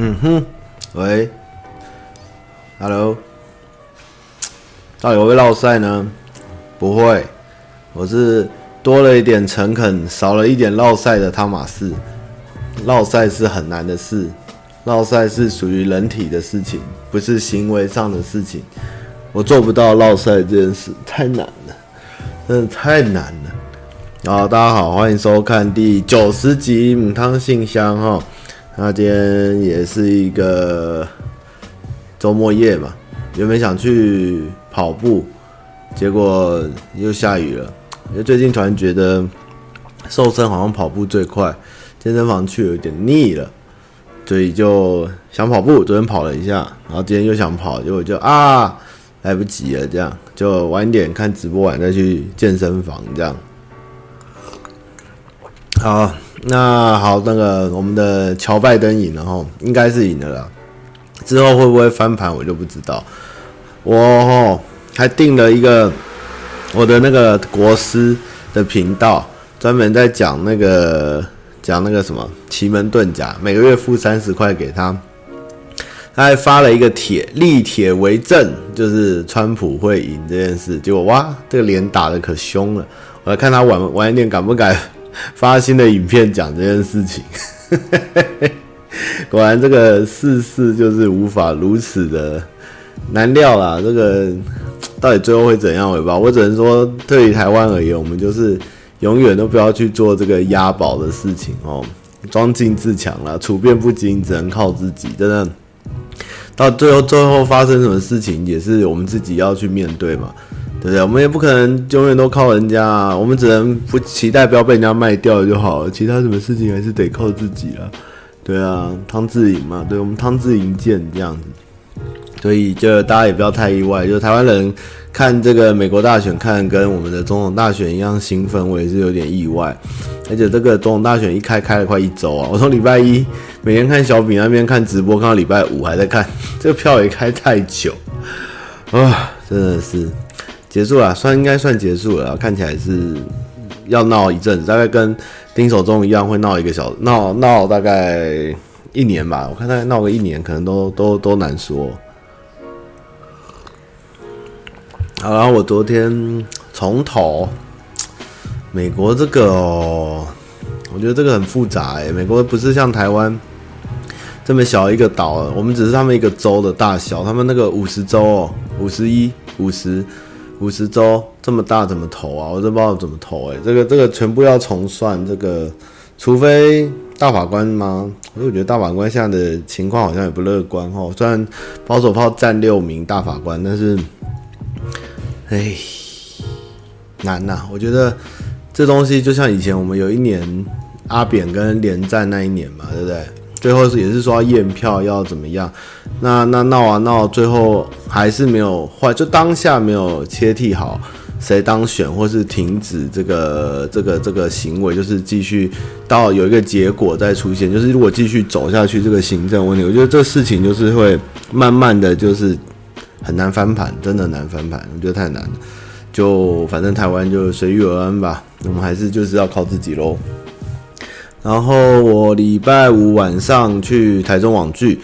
嗯哼，喂，Hello，到底會不會烙賽呢？不會，我是多了一點誠懇，少了一點烙賽的湯馬士。烙賽是很難的事，烙賽是屬於人體的事情，不是行為上的事情。我做不到烙賽這件事，太難了，真的太難了。好、啊，大家好，歡迎收看第九十集姆湯信箱哈。那今天也是一個周末夜嘛，原本想去跑步，結果又下雨了。因為最近突然覺得瘦身好像跑步最快，健身房去了有點膩了，所以就想跑步。昨天跑了一下，然後今天又想跑，結果就啊來不及了，這樣就晚點看直播完再去健身房這樣。好、啊。那好，那個我們的喬拜登贏了吼，應該是贏了啦。之後會不會翻盤，我就不知道。我吼還訂了一個我的那個國師的頻道，專門在講那個講那個什麼奇門遁甲，每個月付三十塊給他。他還發了一個帖，立帖為證，就是川普會贏這件事。結果哇，這個臉打的可凶了。我來看他晚晚一點敢不敢。發新的影片講這件事情呵呵呵呵，果然這個世事就是無法如此的難料啦。這個到底最後會怎樣，對吧？我只能說，對於台灣而言，我們就是永遠都不要去做這個押寶的事情哦、喔，莊敬自強啦，處變不驚，只能靠自己。真的，到最後最後發生什麼事情，也是我們自己要去面對嘛。對不對？我們也不可能永遠都靠人家啊，我們只能不期待，不要被人家賣掉就好了。其他什麼事情還是得靠自己啊。對啊，湯志穎嘛，對，我們湯志穎建這樣子，所以就大家也不要太意外。就台灣人看這個美國大選看，看跟我們的總統大選一樣，興奮，我也是有點意外。而且這個總統大選一開開了快一周啊，我從禮拜一每天看小餅那邊看直播，看到禮拜五還在看，這個票也開太久啊，真的是。結束了，算應該算結束了。看起來是要鬧一陣子，大概跟丁守中一樣會鬧一個小鬧鬧，鬧鬧大概一年吧。我看他鬧個一年，可能都都都難說。好了，然後我昨天從頭美國這個，我覺得這個很複雜哎、欸。美國不是像台灣這麼小一個島，我們只是他們一個州的大小，他們那個五十州，五十一，五十。五十州這麼大，怎麼投啊？我都不知道怎麼投、欸。哎，這個這個全部要重算。這個，除非大法官嗎？我覺得大法官現在的情況好像也不樂觀哦。雖然保守派占六名大法官，但是，哎，難吶、啊。我覺得這東西就像以前我們有一年阿扁跟連戰那一年嘛，對不對？最後是也是說驗票要怎麼樣。那那鬧啊鬧，最後還是沒有壞，就當下沒有切替好，誰當選或是停止這個這個這個行為，就是繼續到有一個結果再出現。就是如果繼續走下去，這個行政問題，我覺得這事情就是會慢慢的，就是很難翻盤，真的難翻盤，我覺得太難了。就反正台灣就隨遇而安吧，我們還是就是要靠自己咯。然後我禮拜五晚上去台中網聚。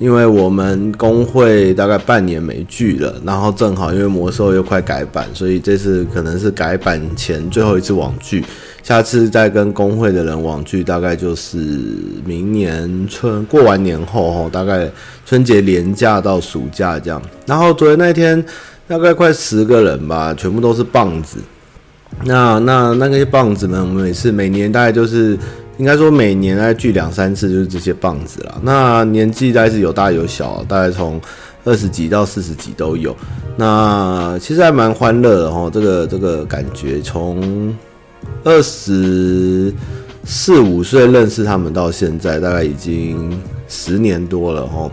因為我們工會大概半年沒聚了，然後正好因為魔獸又快改版，所以這次可能是改版前最後一次網聚，下次再跟工會的人網聚大概就是明年春過完年後、哦、大概春節連假到暑假這樣。然後昨天那天大概快十個人吧，全部都是棒子。那那那些棒子們，我們也是每年大概就是。應該說，每年大概聚兩三次，就是這些棒子啦，那年紀大概是有大有小，大概從二十幾到四十幾都有。那其實還蠻歡樂的哈，這個這個感覺。從二十四五歲認識他們到現在，大概已經十年多了哈。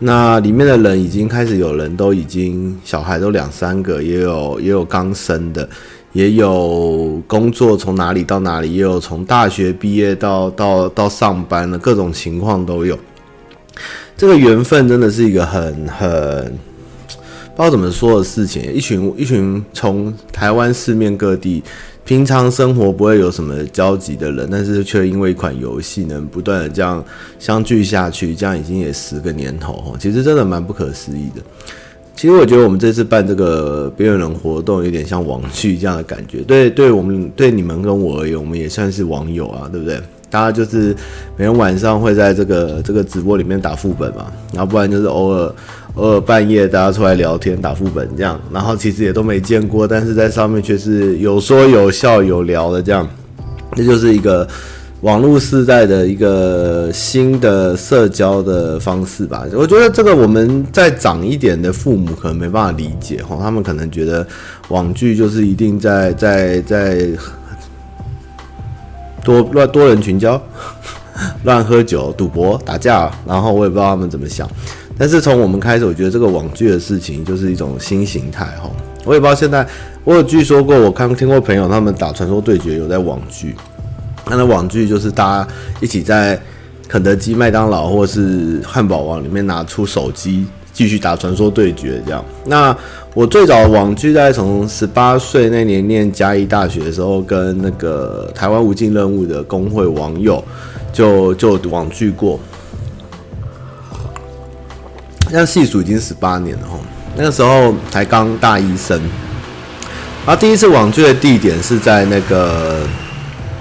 那裡面的人已經開始有人都已經小孩都兩三個也，也有也有剛生的。也有工作從哪裡到哪裡，也有從大學畢業到到到上班的各種情況都有。這個緣分真的是一個很很不知道怎麼說的事情。一群一群從台灣四面各地，平常生活不會有什麼交集的人，但是卻因為一款遊戲，能不斷的這樣相聚下去，這樣已經也十個年頭，其實真的蠻不可思議的。其實我覺得我們這次辦這個邊緣人活動，有點像網聚這樣的感覺。對，對我們對你們跟我而言，我們也算是網友啊，對不對？大家就是每天晚上會在這個這個直播裡面打副本嘛，然後不然就是偶爾偶爾半夜大家出來聊天打副本這樣。然後其實也都沒見過，但是在上面卻是有說有笑有聊的這樣，那就是一個。網絡時代的一個新的社交的方式吧，我覺得這個我們再長一點的父母可能沒辦法理解哈，他們可能覺得網聚就是一定在在在多亂多人群交、亂喝酒、賭博、打架，然後我也不知道他們怎麼想。但是從我們開始，我覺得這個網聚的事情，就是一種新型態哈。我也不知道現在我有聽說過，我看，聽過朋友他們打傳說對決有在網聚。他的網聚就是大家一起在肯德基、麥當勞或是漢堡王裡面拿出手機繼續打傳說對決這樣。那我最早網聚在從十八歲那年念嘉義大學的時候，跟那個台灣無盡任務的公會網友就就網聚過，那細數已經十八年了吼。那個時候才剛大一生，啊，第一次網聚的地點是在那個。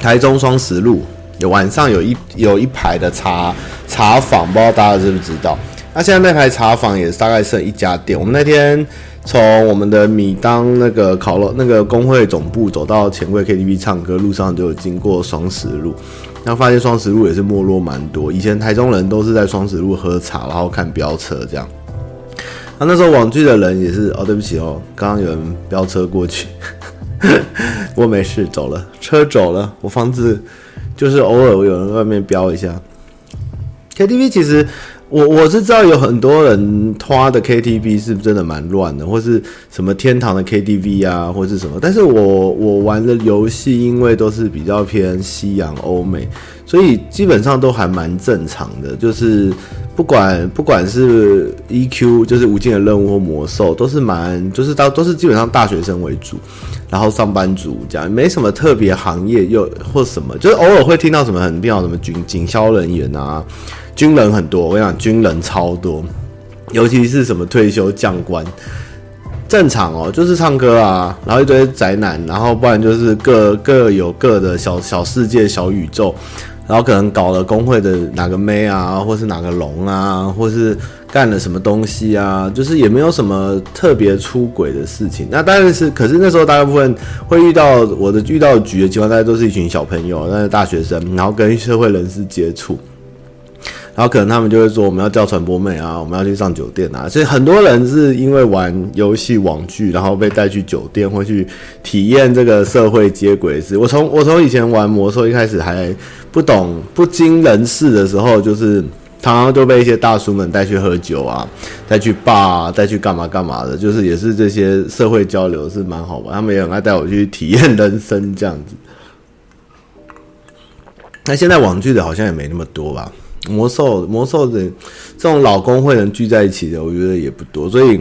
台中雙十路有晚上有一有一排的茶茶坊，不知道大家知不知道？那、啊、現在那排茶坊也是大概剩一家店。我們那天從我們的米當那個烤肉那個工會總部走到錢櫃 KTV 唱歌路上，就有經過雙十路，然後發現雙十路也是沒落蠻多。以前台中人都是在雙十路喝茶，然後看飆車這樣。啊，那時候網聚的人也是哦，對不起哦，剛剛有人飆車過去。 我沒事，走了，車走了，我房子就是偶爾有人外面飆一下。KTV 其實我我是知道有很多人誇的 KTV 是真的蠻亂的，或是什麼天堂的 KTV 啊，或是什麼。但是我我玩的遊戲因為都是比較偏西洋歐美。所以基本上都還蠻正常的，就是不管不管是 EQ，就是無盡的任務或魔獸，都是蠻就是都都是基本上大學生為主，然後上班族這樣，沒什麼特別行業又或什麼，就是偶爾會聽到什麼很聽到什麼軍警消人員啊，軍人很多，我跟你講，軍人超多，尤其是什麼退休將官，正常哦，就是唱歌啊，然後一堆宅男，然後不然就是各各有各的小小世界、小宇宙。然後可能搞了工會的哪個妹啊，或是哪個龍啊，或是幹了什麼東西啊，就是也沒有什麼特別出軌的事情。那當然是，可是那時候大部分會遇到我的，我的遇到的局的情況，大家都是一群小朋友，那是大學生，然後跟社會人士接觸。然後可能他們就會說，我們要叫傳播妹啊，我們要去上酒店啊，所以很多人是因為玩遊戲網劇，然後被帶去酒店，會去體驗這個社會接軌。是我從我從以前玩魔獸一開始還不懂不經人事的時候，就是常常就被一些大叔們帶去喝酒啊，帶去 bar 啊，帶去幹嘛幹嘛的，就是也是這些社會交流是蠻好玩。他們也很愛帶我去體驗人生這樣子。那現在網劇的好像也沒那麼多吧？魔獸，魔獸的這種老公會能聚在一起的，我覺得也不多，所以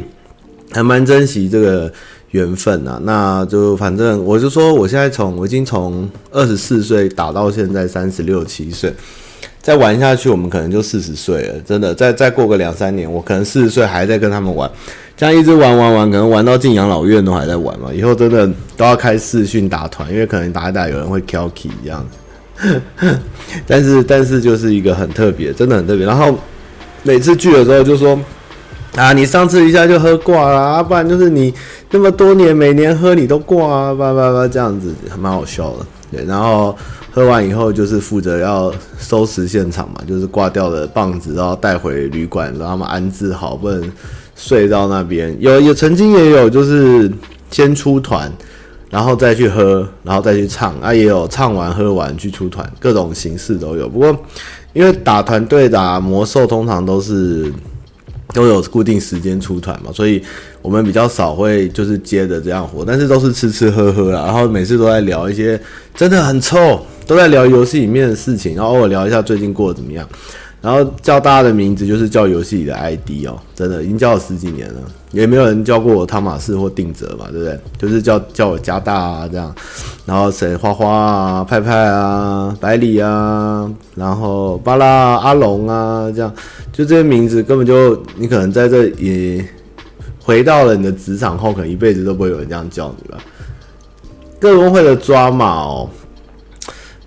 還蠻珍惜這個緣分啊。那就反正我就說，我現在從我已經從二十四歲打到現在三十六七歲，再玩下去，我們可能就四十歲了。真的，再再過個兩三年，我可能四十歲還在跟他們玩，這樣一直玩玩玩，玩，可能玩到進養老院都還在玩嘛。以後真的都要開視訊打團，因為可能打一打有人會掉 key 一樣。 但是但是就是一個很特別，真的很特別。然後每次聚的時候就說：“啊，你上次一下就喝掛了，啊，不然就是你那麼多年每年喝你都掛啊，叭叭叭這樣子，還蠻好笑的。”對，然後喝完以後就是負責要收拾現場嘛，就是掛掉的棒子，然後帶回旅館讓他們安置好，不能睡到那邊。有有曾經也有，就是先出團。然後再去喝，然後再去唱，啊，也有唱完喝完去出團，各種形式都有。不過，因為打團隊打魔獸通常都是都有固定時間出團嘛，所以我們比較少會就是接着這樣活。但是都是吃吃喝喝啦，然後每次都在聊一些真的很臭，都在聊遊戲裡面的事情，然後偶爾聊一下最近過得怎麼樣。然後叫大家的名字就是叫遊戲裡的 ID 哦，真的已經叫了十幾年了，也沒有人叫過我湯馬士或定哲嘛，對不對？就是叫叫我加大啊，這樣，然後誰花花啊、派派啊、百里啊，然後巴拉、阿龍啊，這樣就這些名字根本就你可能在這也回到了你的職場後，可能一輩子都不會有人這樣叫你了。各工會的抓馬哦。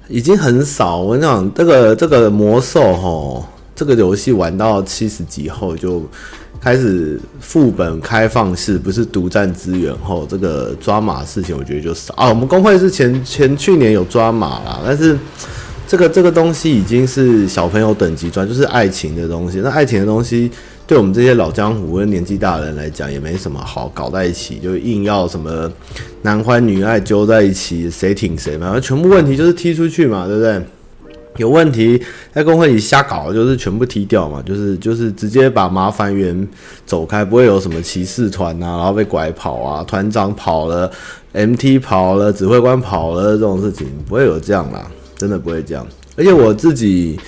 已經很少。我跟你講，這個這個魔獸吼，這個遊戲玩到七十級後，就開始副本開放式，不是獨佔資源後，這個抓馬的事情我覺得就少啊、哦。我們公會是前前去年有抓馬啦，但是這個這個東西已經是小朋友等級抓，就是愛情的東西。那愛情的東西。對我們這些老江湖跟年紀大的人來講，也沒什麼好搞在一起，就硬要什麼男歡女愛揪在一起，誰挺誰嘛，反正全部問題就是踢出去嘛，對不對？有問題在公會裡瞎搞，就是全部踢掉嘛，就是就是直接把麻煩源走開，不會有什麼騎士團吶、啊，然後被拐跑啊，團長跑了，MT 跑了，指揮官跑了這種事情，不會有這樣啦，真的不會這樣。而且我自己。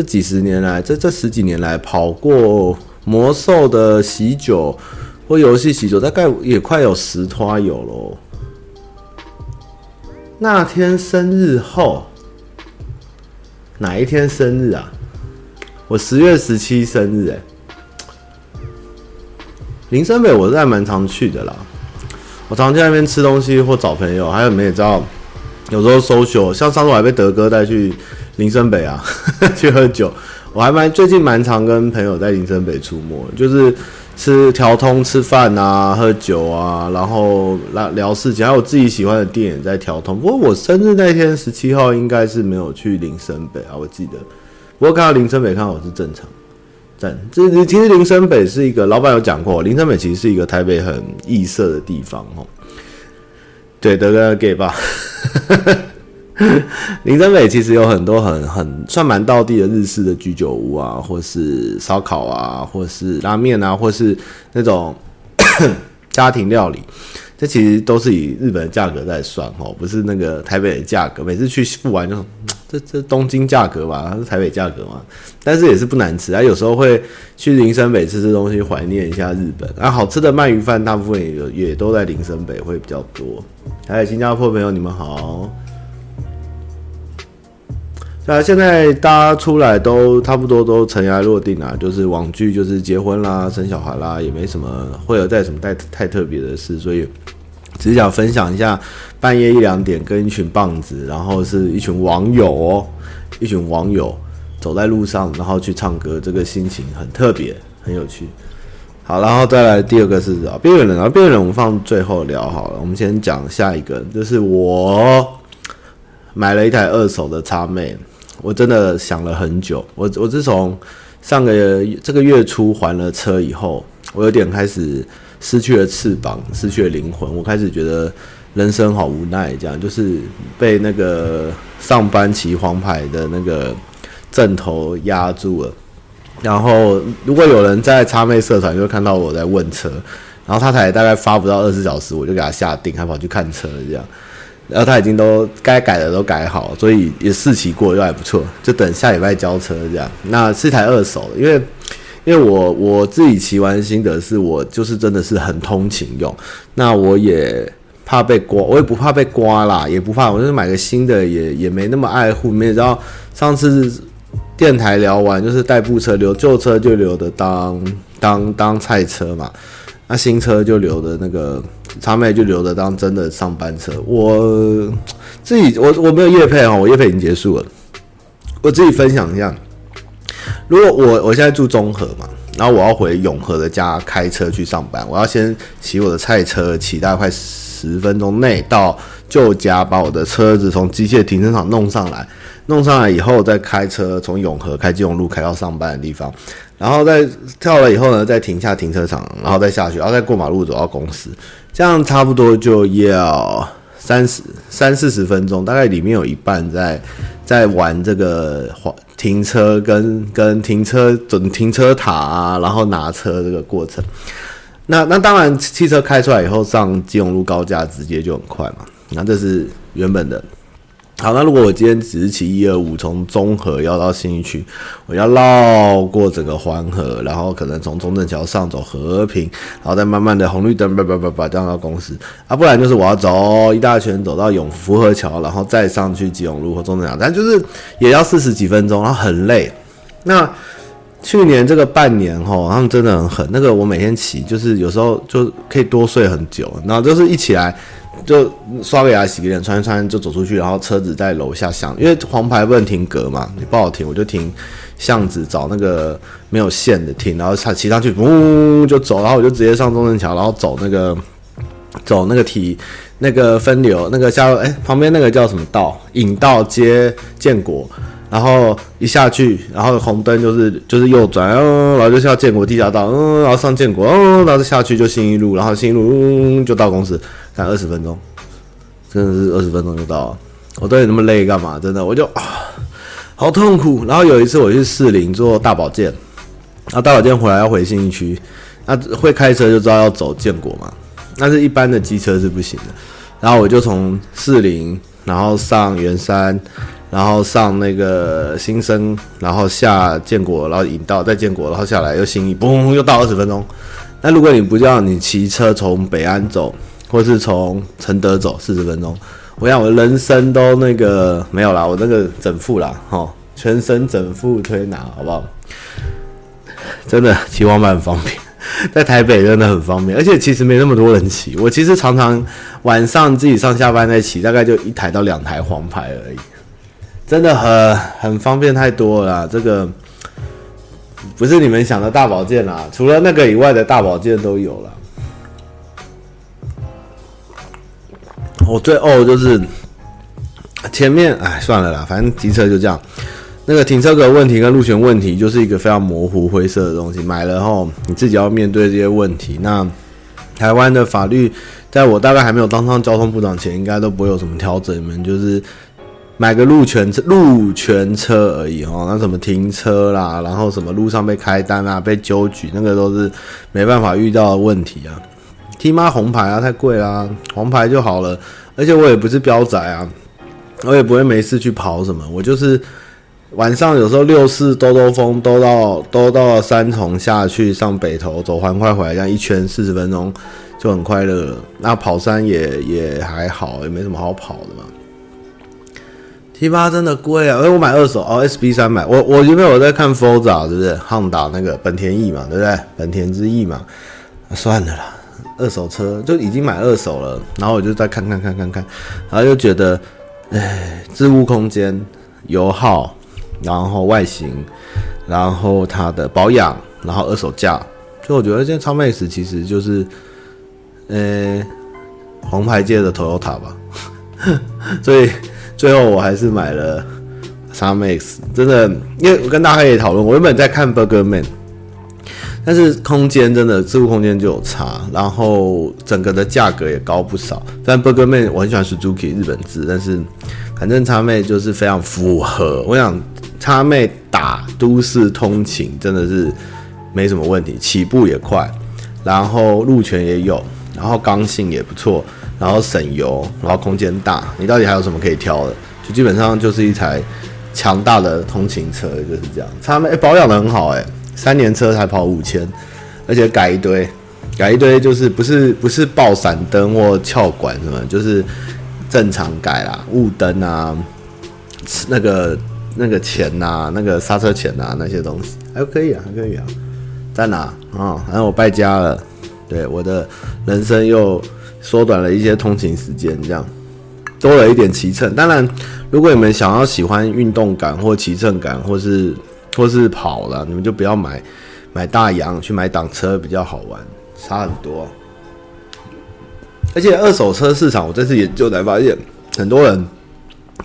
這幾十年來，這這十幾年來，跑過魔獸的喜酒或遊戲喜酒，大概也快有十桌有嘍。那天生日後，哪一天生日啊？我十月十七生日哎、欸。林森北，我是還蠻常去的啦，我常，常去那邊吃東西或找朋友，還有你也知道，有時候 social，像上次我還被德哥帶去。林森北啊， 去喝酒，我還蠻最近蠻常跟朋友在林森北出沒，就是吃條通吃飯啊、喝酒啊，然後聊聊事情，還有我自己喜歡的電影在條通。不過我生日那天十七號應該是沒有去林森北啊，我記得。不過看到林森北，看到我是正常的，這其實林森北是一個，老闆有講過，林森北其實是一個台北很異色的地方哦。對，德哥給吧。 林森北其實有很多很很算蠻道地的日式的居酒屋啊，或是燒烤啊，或是拉麵啊，或是那種 家庭料理，這其實都是以日本的價格在算哦，不是那個台北的價格。每次去不玩就這這東京價格吧，是台北價格嘛，但是也是不難吃啊。有時候會去林森北吃吃東西，懷念一下日本啊。好吃的鰻魚飯大部分也也都在林森北會比較多。還有新加坡朋友，你們好。那、啊、現在大家出來都差不多都塵埃落定了，啊，就是網聚，就是結婚啦，生小孩啦，也沒什麼會有帶什麼太太特別的事，所以只是想分享一下半夜一兩點跟一群棒子，然後是一群網友，喔，哦，一群網友走在路上，然後去唱歌，這個心情很特別，很有趣。好，然後再來第二個是啊，邊緣人啊，邊緣人我們放最後聊好了，我們先講下一個，就是我買了一台二手的 XMAX。我真的想了很久，我我自從上個月這個月初還了車以後，我有點開始失去了翅膀，失去了靈魂。我開始覺得人生好無奈，這樣就是被那個上班騎黃牌的那個陣頭壓住了。然後如果有人在插妹社團，就會看到我在問車，然後他才大概發不到二十小時，我就給他下定，還跑去看車了，這樣。然後他已經都該改的都改好，所以也試騎過，又還不錯，就等下禮拜交車這樣。那是一台二手的，因為因為我我自己騎完心得是，我就是真的是很通勤用。那我也怕被刮，我也不怕被刮啦，也不怕，我就是買個新的也也沒那麼愛護。你知道上次電台聊完，就是代步車留舊車就留的當當當菜車嘛。那新車就留着那個插妹，就留着當真的上班車。我自己我我沒有業配啊，我業配已經結束了。我自己分享一下，如果我我現在住中和嘛，然後我要回永和的家開車去上班，我要先騎我的菜車騎大概快十分鐘內到舊家，把我的車子從機械停車場弄上來，弄上來以後再開車從永和開金融路開到上班的地方。然後再跳了以後呢，再停下停車場，然後再下去，然後再過馬路走到公司，這樣差不多就要三十三四十分鐘，大概裡面有一半在在玩這個停車跟跟停車準停車塔啊，然後拿車這個過程。那那當然，汽車開出來以後上基隆路高架直接就很快嘛。那這是原本的。好，那如果我今天只是騎一二五，從中和要到信義區，我要繞過整個環河，然後可能從中正橋上走和平，然後再慢慢的紅綠燈叭叭叭叭這樣到公司啊，不然就是我要走一大圈走到永福河橋，然後再上去基隆路或中正橋，但就是也要四十幾分鐘，然後很累。那去年這個半年吼，他們真的很狠，那個我每天騎，就是有時候就可以多睡很久，然後就是一起來。就刷個牙洗個臉，穿穿就走出去，然後車子在樓下巷，因為黃牌不能停格嘛，你不好停，我就停巷子找那個沒有線的停，然後他騎上去，嗚、嗯，就走，然後我就直接上中正橋，然後走那個走那個體那個分流那個下，哎旁邊那個叫什麼道？引道接建國，然後一下去，然後紅燈就是就是右轉，嗯、哦，然後就是要建國地下道，嗯，然後上建國，嗯、哦，然後下去就新一路，然後新一路嗯，就到公司。才二十分鐘，真的是二十分鐘就到了。我對你那麼累幹嘛？真的我就好痛苦。然後有一次我去士林做大保健，然後大保健回來要回信義區，那會開車就知道要走建國嘛。但是一般的機車是不行的。然後我就從士林，然後上圓山，然後上那個新生，然後下建國，然後引道再建國，然後下來又信義，嘣，又到二十分鐘。那如果你不叫你騎車從北安走，或是從承德走四十分鐘，我想我人生都那個沒有啦，我那個整復啦，吼，全身整復推拿，好不好？真的騎黃牌很方便，在台北真的很方便，而且其實沒那麼多人騎，我其實常常晚上自己上下班再騎，大概就一台到兩台黃牌而已，真的很很方便太多了。這個不是你們想的大保健啦，除了那個以外的大保健都有了。我最哦就是前面哎算了啦，反正停車就這樣。那個停車格問題跟路權問題就是一個非常模糊灰色的東西，買了後你自己要面對這些問題。那台灣的法律，在我大概還沒有當上交通部長前，應該都不會有什麼調整。你們就是買個路權車、路權車而已哦、喔。那什麼停車啦，然後什麼路上被開單啊、被揪舉，那個都是沒辦法遇到的問題啊。貼媽紅牌啊，太貴啦，黃牌就好了。而且我也不是標宅啊，我也不會沒事去跑什麼。我就是晚上有時候六四兜兜風，兜到兜到三重下去上北投走環快回來，這樣一圈四十分鐘就很快樂。那跑山也也還好，也沒什麼好跑的嘛。T8 真的貴啊，因為我買二手哦，S B 三買我我因為我在看 Forza 對不對？Honda 那個本田翼嘛，對不對？本田之翼嘛。啊，算了啦。二手車就已經買二手了，然後我就再看看看看看，然後就覺得，哎，置物空間、油耗，然後外形，然後它的保養，然後二手價，就我覺得現在叉 Max 其實就是，呃，黃牌界的 Toyota 吧，呵呵，所以最後我還是買了叉 Max，真的，因為我跟大家也討論，我原本在看 Burger Man。但是空間真的，置物空間就有差，然後整個的價格也高不少。但 Burgman 我很喜歡，是 Suzuki 日本製，但是反正叉妹就是非常符合。我想叉妹打都市通勤真的是沒什麼問題，起步也快，然後路權也有，然後剛性也不錯，然後省油，然後空間大。你到底還有什麼可以挑的？就基本上就是一台強大的通勤車，就是這樣。叉妹，欸，保養得很好欸，哎。三年車才跑五千，而且改一堆，改一堆就是不是不是爆閃燈或翹管，什麼，就是正常改啦，霧燈啊，那個那個錢啊，那個剎車鉗啊那些東西，還可以啊，還可以啊，在哪兒啊？反正我敗家了，對我的人生又縮短了一些通勤時間，這樣多了一點騎乘。當然，如果你們想要喜歡運動感或騎乘感，或是。或是跑了，你們就不要買買大洋去買檔車比較好玩，差很多啊。而且二手車市場，我這次研究才發現，很多人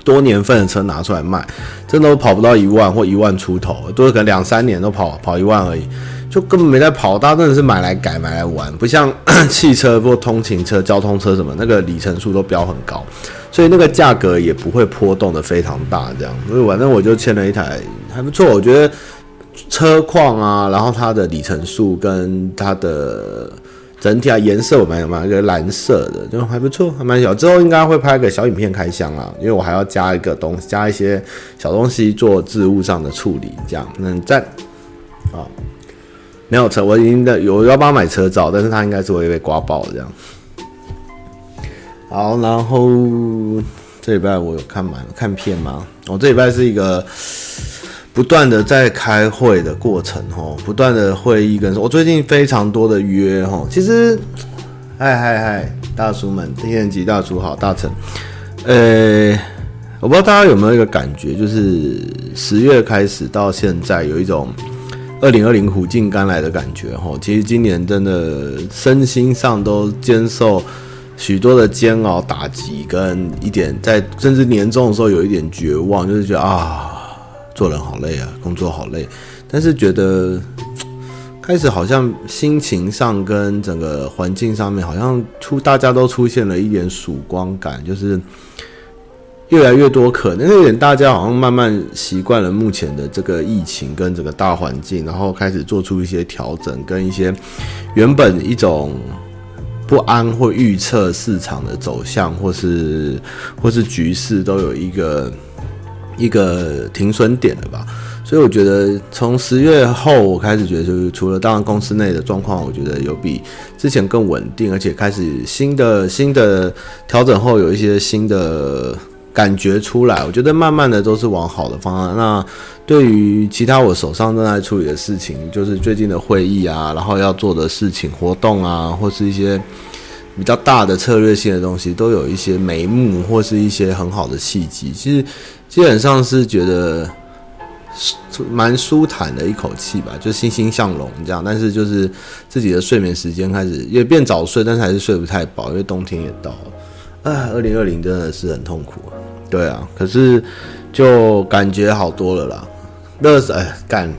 多年份的車拿出來賣，真的都跑不到一萬或一萬出頭，都是可能兩三年都跑跑一萬而已，就根本沒在跑。大家真的是買來改，買來玩，不像 汽車或通勤車、交通車什麼，那個里程數都標很高，所以那個價格也不會波動的非常大。這樣，所以反正我就簽了一台。還不錯，我覺得車況啊，然後它的里程數跟它的整體啊顏色我，蠻蠻一個藍色的，就還不錯，還蠻小。之後應該會拍一個小影片開箱啊，因為我還要加一個東西，加一些小東西做置物上的處理，這樣。很讚啊！沒有車，我已經有要幫買車罩，但是他應該是會被刮爆這樣。好，然後這禮拜我有看滿看片嗎？我、哦、這禮拜是一個。不斷的在開會的過程，哦，不斷的會議跟我最近非常多的約，哦，其實，嗨嗨嗨，大叔們，天元級大叔好，大臣，呃、欸，我不知道大家有沒有一個感覺，就是十月開始到現在，有一種二零二零苦盡甘來的感覺，吼，其實今年真的身心上都經受許多的煎熬、打擊，跟一點在甚至年中的時候有一點絕望，就是覺得啊。做人好累啊，工作好累，但是覺得開始好像心情上跟整個環境上面好像出大家都出現了一點曙光感，就是越來越多可能有點大家好像慢慢習慣了目前的這個疫情跟整個大環境，然後開始做出一些調整，跟一些原本一種不安或預測市場的走向，或是或是局勢都有一個。一個停損點了吧，所以我覺得從十月後，我開始覺得就是除了當然公司內的狀況，我覺得有比之前更穩定，而且開始新的新的調整後，有一些新的感覺出來。我覺得慢慢的都是往好的方向。那對於其他我手上正在處理的事情，就是最近的會議啊，然後要做的事情、活動啊，或是一些。比較大的策略性的東西都有一些眉目，或是一些很好的契機，其實基本上是覺得蠻舒坦的一口氣吧，就欣欣向榮這樣。但是就是自己的睡眠時間開始也變早睡，但是還是睡不太飽，因為冬天也到了。啊，二零二零真的是很痛苦。對啊，可是就感覺好多了啦。熱死哎幹，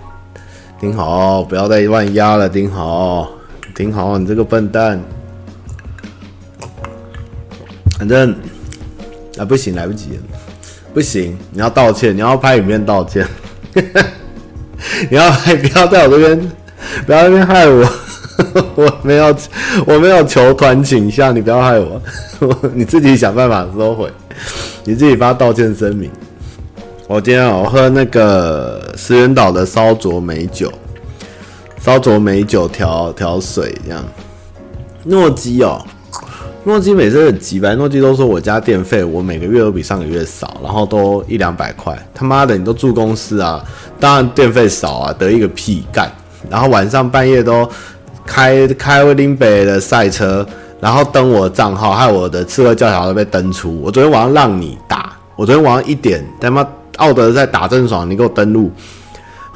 頂好，不要再亂壓了，頂好，頂好，你這個笨蛋。反正啊，不行，來不及不行！你要道歉，你要拍影片道歉，呵呵你要，拍不，要不要在我這邊，不要那邊害我呵呵？我沒有，我沒有求團請下，你不要害我，我，你自己想辦法收回，你自己發道歉聲明。我今天我喝那個石垣島的燒灼美酒，燒灼美酒調調水這樣。諾基友、哦。諾基每次很急，白諾基都說我家電費我每個月都比上個月少，然後都一兩百塊。他媽的，你都住公司啊？當然電費少啊，得一個屁幹。然後晚上半夜都開開威林北的賽車，然後登我賬號，還有我的刺客教條都被登出。我昨天晚上讓你打，我昨天晚上一點他媽奧德賽打正爽，你給我登錄。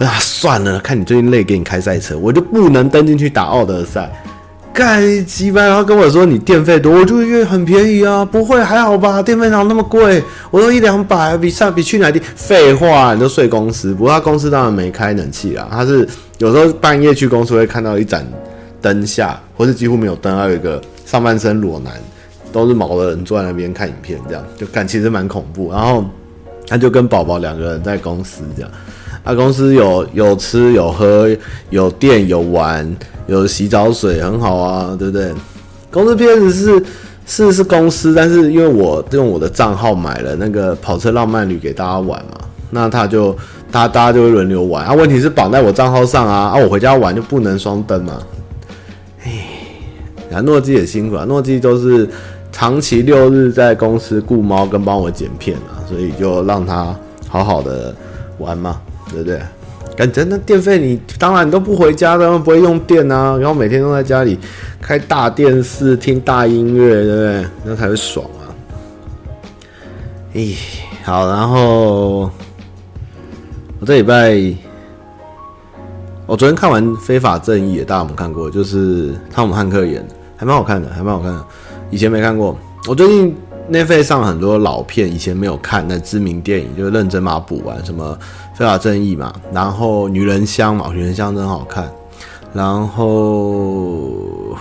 呀、啊，算了，看你最近累，給你開賽車，我就不能登進去打奧德賽。蓋幾百，然後跟我說你電費多，我就因為很便宜啊，不會還好吧？電費哪有那麼貴？我都一兩百，比上比去哪裡，廢話啊，你都睡公司。不過他公司當然沒開冷氣啦。他是有時候半夜去公司會看到一盞燈下，或是幾乎沒有燈，還有一個上半身裸男，都是毛的人坐在那邊看影片，這樣就看其實蠻恐怖。然後他就跟寶寶兩個人在公司這樣。他、啊、公司有有吃、有喝、有電、有玩、有洗澡水很好啊，對不對？公司 PS 是、是、是公司，但是因為我用我的賬號買了那個跑車浪漫旅給大家玩嘛，那他就他大家就會輪流玩。啊，問題是綁在我賬號上啊，啊，我回家玩就不能雙登嘛、啊。哎，然後諾基也辛苦了、啊，諾基都是長期六日，在公司顧貓跟幫我剪片啊，所以就讓他好好的玩嘛，對不對？感覺那電費你，你當然你都不回家，當然不會用電啊。然後每天都在家裡開大電視，聽大音樂，對不對？那才會爽啊！咦，好，然後我這禮拜，我昨天看完《非法正義》，大家有沒有看過？就是湯姆漢克演的，還蠻好看的，還蠻好看的。以前沒看過。我最近 Netflix 上很多老片，以前沒有看那知名電影，就是認真把補完、啊、什麼。非法正義嘛，然後女人香嘛，女人香真好看。然後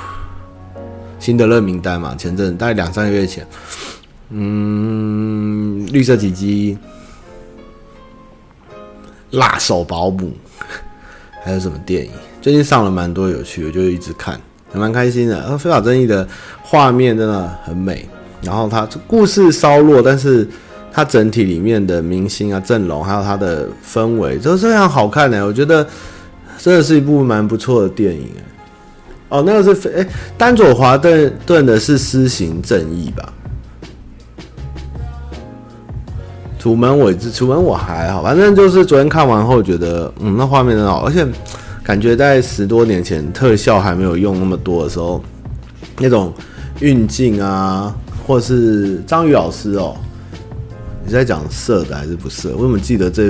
辛德勒名單嘛，前陣大概兩三個月前，嗯，綠色奇蹟，辣手保姆，還有什麼電影？最近上了蠻多有趣的，就一直看，還蠻開心的。非法正義的畫面真的很美，然後它故事稍弱，但是。它整體裡面的明星啊、陣容，還有它的氛圍都是非常好看呢、欸。我覺得真的是一部蠻不錯的電影、欸。哦，那個是誒，丹佐華盛頓的是《施行正義》吧？楚門我之楚門我還好，反正就是昨天看完後覺得，嗯，那畫面很好，而且感覺在十多年前特效還沒有用那麼多的時候，那種運鏡啊，或是章魚老師哦。你在講色的還是不色？我怎麼記得這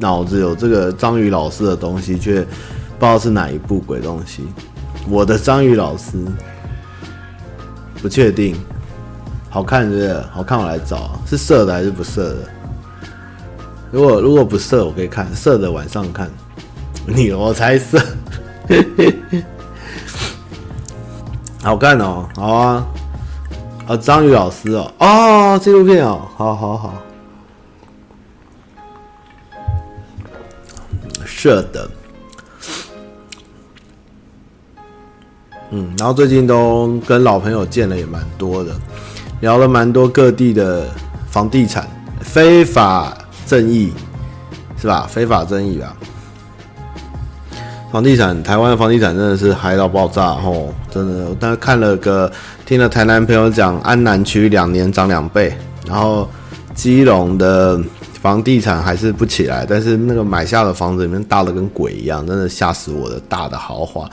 腦子有這個章魚老師的東西，卻不知道是哪一部鬼東西？我的章魚老師，不確定，好看真好看，我來找，啊，是色的還是不色的？如果如果不色，我可以看色的晚上看，你我才色， 好看哦，好啊，啊章魚老師哦，哦紀錄片哦，好，好，好，好。是的，嗯，然後最近都跟老朋友見了也蠻多的，聊了蠻多各地的房地產非法正義，是吧？非法正義啊，房地產，台灣的房地產真的是嗨到爆炸吼、哦，真的，我但是看了個，聽了台南朋友講，安南區兩年漲兩倍，然後基隆的。房地產還是不起來，但是那個買下的房子裡面大的跟鬼一樣，真的嚇死我的。大的豪華，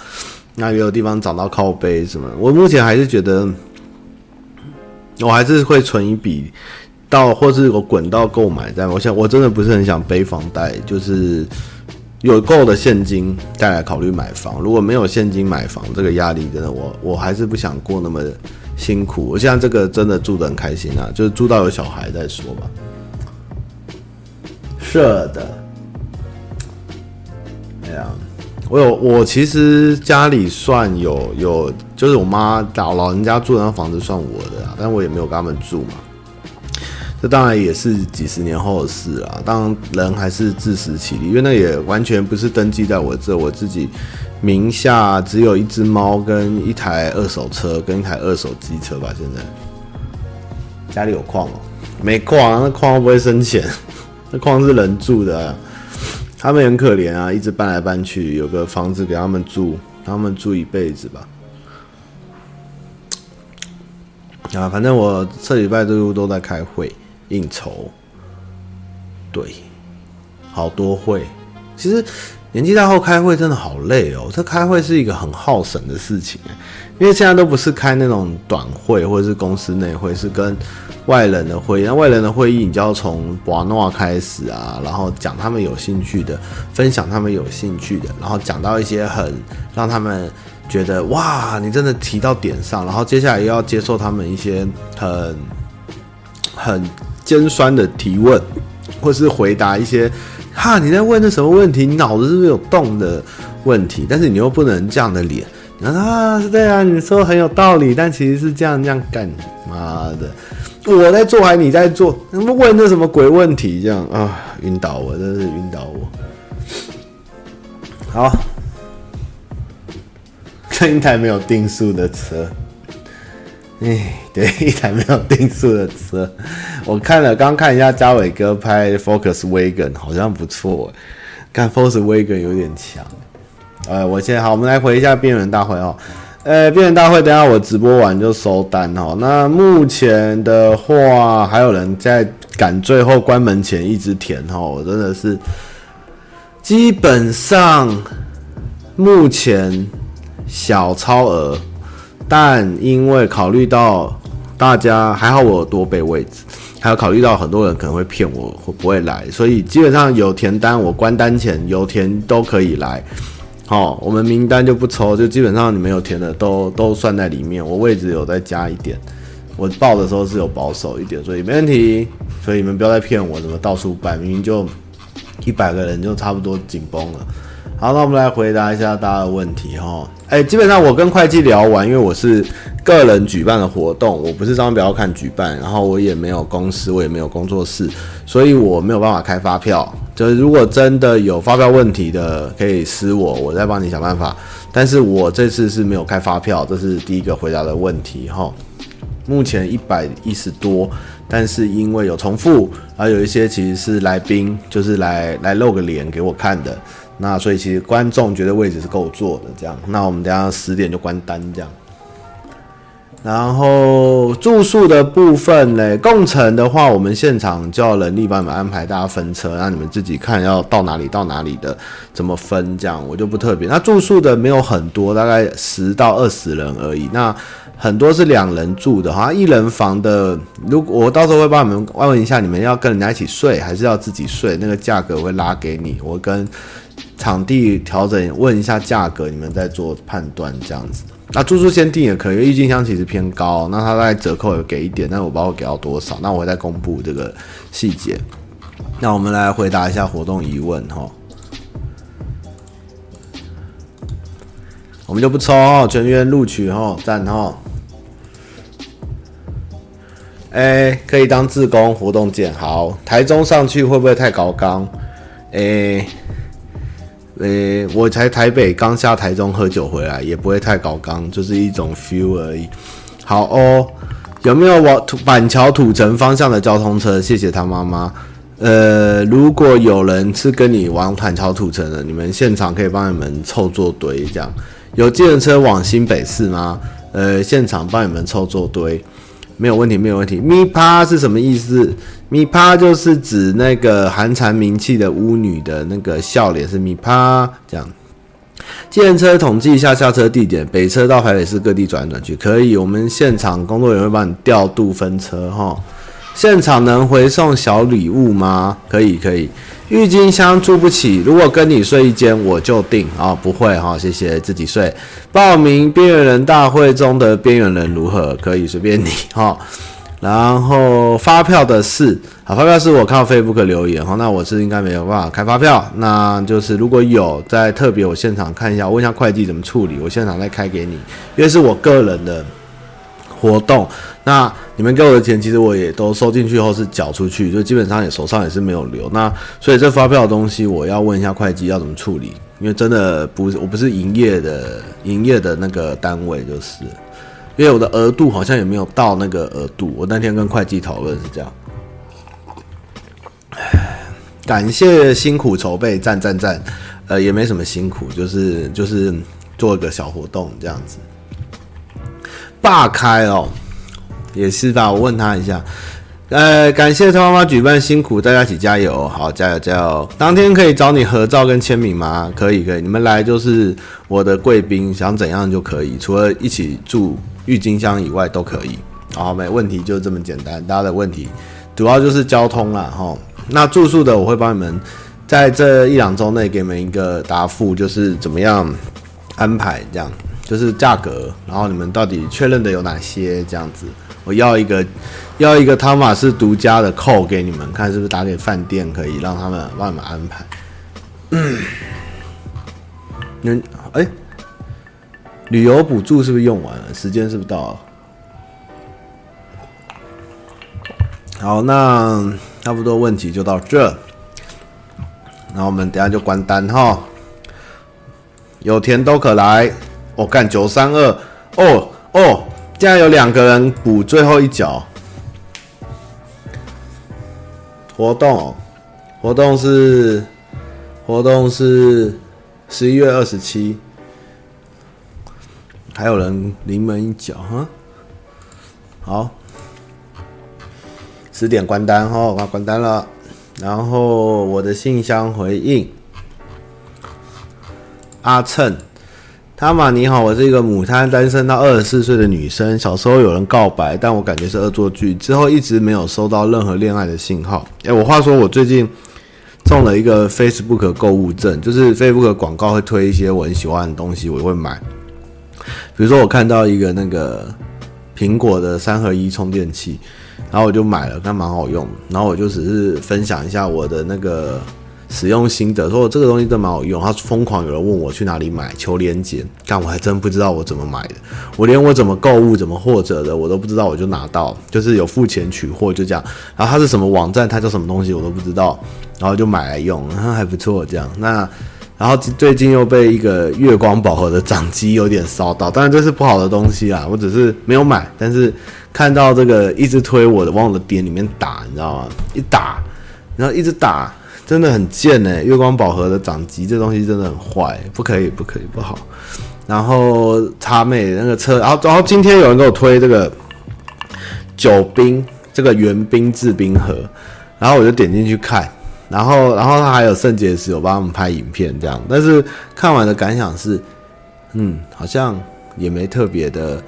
那也有地方找到靠杯什麼。我目前還是覺得，我還是會存一筆，到或是我滾到購買。但我想，我真的不是很想背房貸，就是有夠的現金再來考慮買房。如果沒有現金買房，這個壓力真的我，我我還是不想過那麼辛苦。我現在這個真的住得很開心啊，就是住到有小孩再說吧。這的，哎呀、啊，我有我其實家裡算有有，就是我媽老老人家住的那房子算我的啊，但我也沒有跟他們住嘛。這當然也是幾十年後的事了。啊，當然人還是自食其力，因為那也完全不是登記在我這，我自己名下只有一隻貓跟一台二手車跟一台二手機車吧。現在家裡有礦哦？喔，沒礦，那礦又不會生錢。那框是人住的，啊，他們很可憐啊，一直搬來搬去，有個房子給他們住，讓他們住一輩子吧。啊，反正我這禮拜都都在開會應酬，對，好多會。其實年紀大後開會真的好累哦，這開會是一個很耗神的事情、欸。因為現在都不是開那種短會或者是公司內會，是跟外人的會議。那外人的會議，你就要從哇諾開始啊，然後講他們有興趣的，分享他們有興趣的，然後講到一些很讓他們覺得哇，你真的提到點上。然後接下來又要接受他們一些很很尖酸的提問，或是回答一些哈你在問這什麼問題，你腦子是不是有洞的問題？但是你又不能這樣的臉。啊，對啊，你說很有道理，但其實是這樣這樣幹，媽的，我在做還是你在做？問這什麼鬼問題？這樣啊，暈倒我，真是暈倒我。好，這一台沒有定速的車，哎，對，一台沒有定速的車。我看了，剛，剛看一下嘉偉哥拍 Focus Wagon，好像不錯，欸，看 Focus Wagon 有點強。呃，Alright, 我現在好，我們來回一下邊緣大會哦、欸。呃，邊緣大會，等一下我直播完就收單哦。那目前的話，還有人在趕最後關門前一直填哦。我真的是基本上目前小超額，但因為考慮到大家還好我有多備位置，還有考慮到很多人可能會騙我，會不會來？所以基本上有填單我關單前有填都可以來。哦，我們名單就不抽，就基本上你們有填的都都算在裡面。我位置有再加一點，我報的時候是有保守一點，所以沒問題。所以你們不要再騙我，怎麼到處擺？明明就一百個人就差不多緊繃了。好，那我們來回答一下大家的問題哈。哎、哦欸，基本上我跟會計聊完，因為我是個人舉辦的活動，我不是商標看舉辦，然後我也沒有公司，我也沒有工作室，所以我沒有辦法開發票。就是如果真的有發票問題的，可以私我，我再幫你想辦法。但是我這次是沒有開發票，這是第一個回答的問題哈。目前一百一十多，但是因為有重複，而有一些其實是來賓，就是來來露個臉給我看的。那所以其實觀眾覺得位置是夠坐的這樣。那我們等一下十點就關單這樣。然後住宿的部分呢，共乘的話，我們現場叫人力幫你們安排大家分車，讓你們自己看要到哪裡到哪裡的，怎麼分這樣，我就不特別。那住宿的沒有很多，大概十到二十人而已。那很多是兩人住的話，好像一人房的，如果我到時候會幫你們問問一下，你們要跟人家一起睡還是要自己睡，那個價格我會拉給你，我跟場地調整問一下價格，你們再做判斷這樣子。那住宿先定，也可以，因為鬱金香其實偏高，那它大概折扣有給一點，但是我不知道給到多少，那我會再公布這個細節。那我們來回答一下活動疑問哈，我們就不抽，全員錄取哈，贊哈。哎、欸，可以當志工活動件，好，台中上去會不會太高剛哎。欸呃、欸，我才台北剛下台中喝酒回來，也不會太高剛，就是一種 feel 而已。好哦，有沒有往板橋土城方向的交通車？謝謝他媽媽。呃，如果有人是跟你往板橋土城的，你們現場可以幫你們湊座堆這樣。有自行車往新北市嗎？呃，現場幫你們湊座堆，沒有問題，沒有問題。咪趴是什麼意思？米趴，就是指那個寒蟬鳴泣的巫女的那個笑臉是米趴這樣。計程車統計一下下車地點，北車到台北市各地轉來轉去可以。我們現場工作人員會幫你調度分車哈。現場能回送小禮物嗎？可以可以。鬱金香住不起，如果跟你睡一間我就訂啊、哦，不會哈、哦，謝謝，自己睡。報名邊緣人大會中的邊緣人如何？可以，隨便你哈。然後發票的事，好，發票是我靠 Facebook 留言哈，那我是應該沒有辦法開發票，那就是如果有在特別我現場看一下，問一下會計怎麼處理，我現場再開給你，因為是我個人的活動，那你們給我的錢其實我也都收進去後是繳出去，就基本上也手上也是沒有留，那所以這發票的東西我要問一下會計要怎麼處理，因為真的不是我不是營業的，營業的那個單位就是。因為我的額度好像也沒有到那個額度，我那天跟會計討論是這樣。感謝辛苦籌備，讚讚讚！呃，也沒什麼辛苦，就是就是做一個小活動這樣子。霸開哦，也是吧？我問他一下。呃，感謝他媽媽舉辦辛苦，大家一起加油，好加油加油！當天可以找你合照跟簽名嗎？可以可以，你們來就是我的貴賓，想怎樣就可以，除了一起住。鬱金香以外都可以，好、啊，沒問題，就這麼簡單。大家的問題主要就是交通啦。哈，那住宿的我會幫你們在這一兩周內給你們一個答覆，就是怎麼樣安排，這樣就是價格，然後你們到底確認的有哪些這樣子，我要一個要一個湯瑪斯獨家的扣給你們看，是不是打給飯店，可以讓他們幫你們安排。嗯，那、欸、哎。旅遊補助是不是用完了？時間是不是到了？好，那差不多問題就到這，那我們等一下就關單哈。有田都可來，我看九三二，哦哦，竟然有兩個人補最後一腳。活動活動是活動是十一月二十七。還有人臨門一腳哈，好，十點關單哦，我要關單了。然後我的信箱回應阿蹭，湯瑪，你好，我是一個母胎單身到二十四歲的女生。小時候有人告白，但我感覺是惡作劇。之後一直沒有收到任何戀愛的信號。哎、欸，我話說，我最近中了一個 Facebook 購物證，就是 Facebook 廣告會推一些我很喜歡的東西，我會買。比如說，我看到一個那個蘋果的三合一充電器，然後我就買了，它蠻好用。然後我就只是分享一下我的那個使用心得，說我這個東西真的蠻好用。他瘋狂有人問我去哪裡買，求連結，但我還真不知道我怎麼買的。我連我怎麼購物、怎麼獲得的我都不知道，我就拿到就是有付錢取貨就這樣。然後它是什麼網站，它叫什麼東西我都不知道，然後就買來用，然後還不錯這樣。那。然後最近又被一個月光寶盒的掌機有點燒到，當然這是不好的東西啊，我只是沒有買。但是看到這個一直推我的，往我的點裡面打，你知道嗎？一打，然後一直打，真的很賤哎、欸！月光寶盒的掌機這東西真的很壞、欸，不可以，不可以，不好。然後叉妹那個車，然後然後今天有人給我推這個酒冰這個圓冰制冰盒，然後我就點進去看。然後，然後他還有聖結石，有幫我們拍影片這樣。但是看完的感想是，嗯，好像也沒特別的、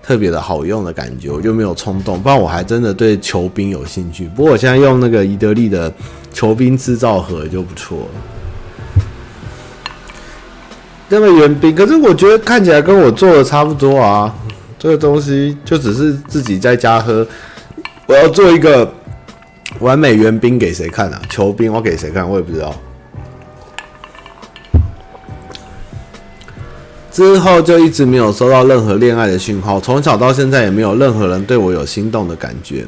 特別的好用的感覺，我就沒有衝動。不然我還真的對球冰有興趣。不過我現在用那個宜得利的球冰製造盒就不錯。那個圓冰，可是我覺得看起來跟我做的差不多啊。這個東西就只是自己在家喝。我要做一個。完美援兵給誰看啊，球兵，我給誰看，我也不知道。之後就一直沒有收到任何戀愛的訊號，從小到現在也沒有任何人對我有心動的感覺。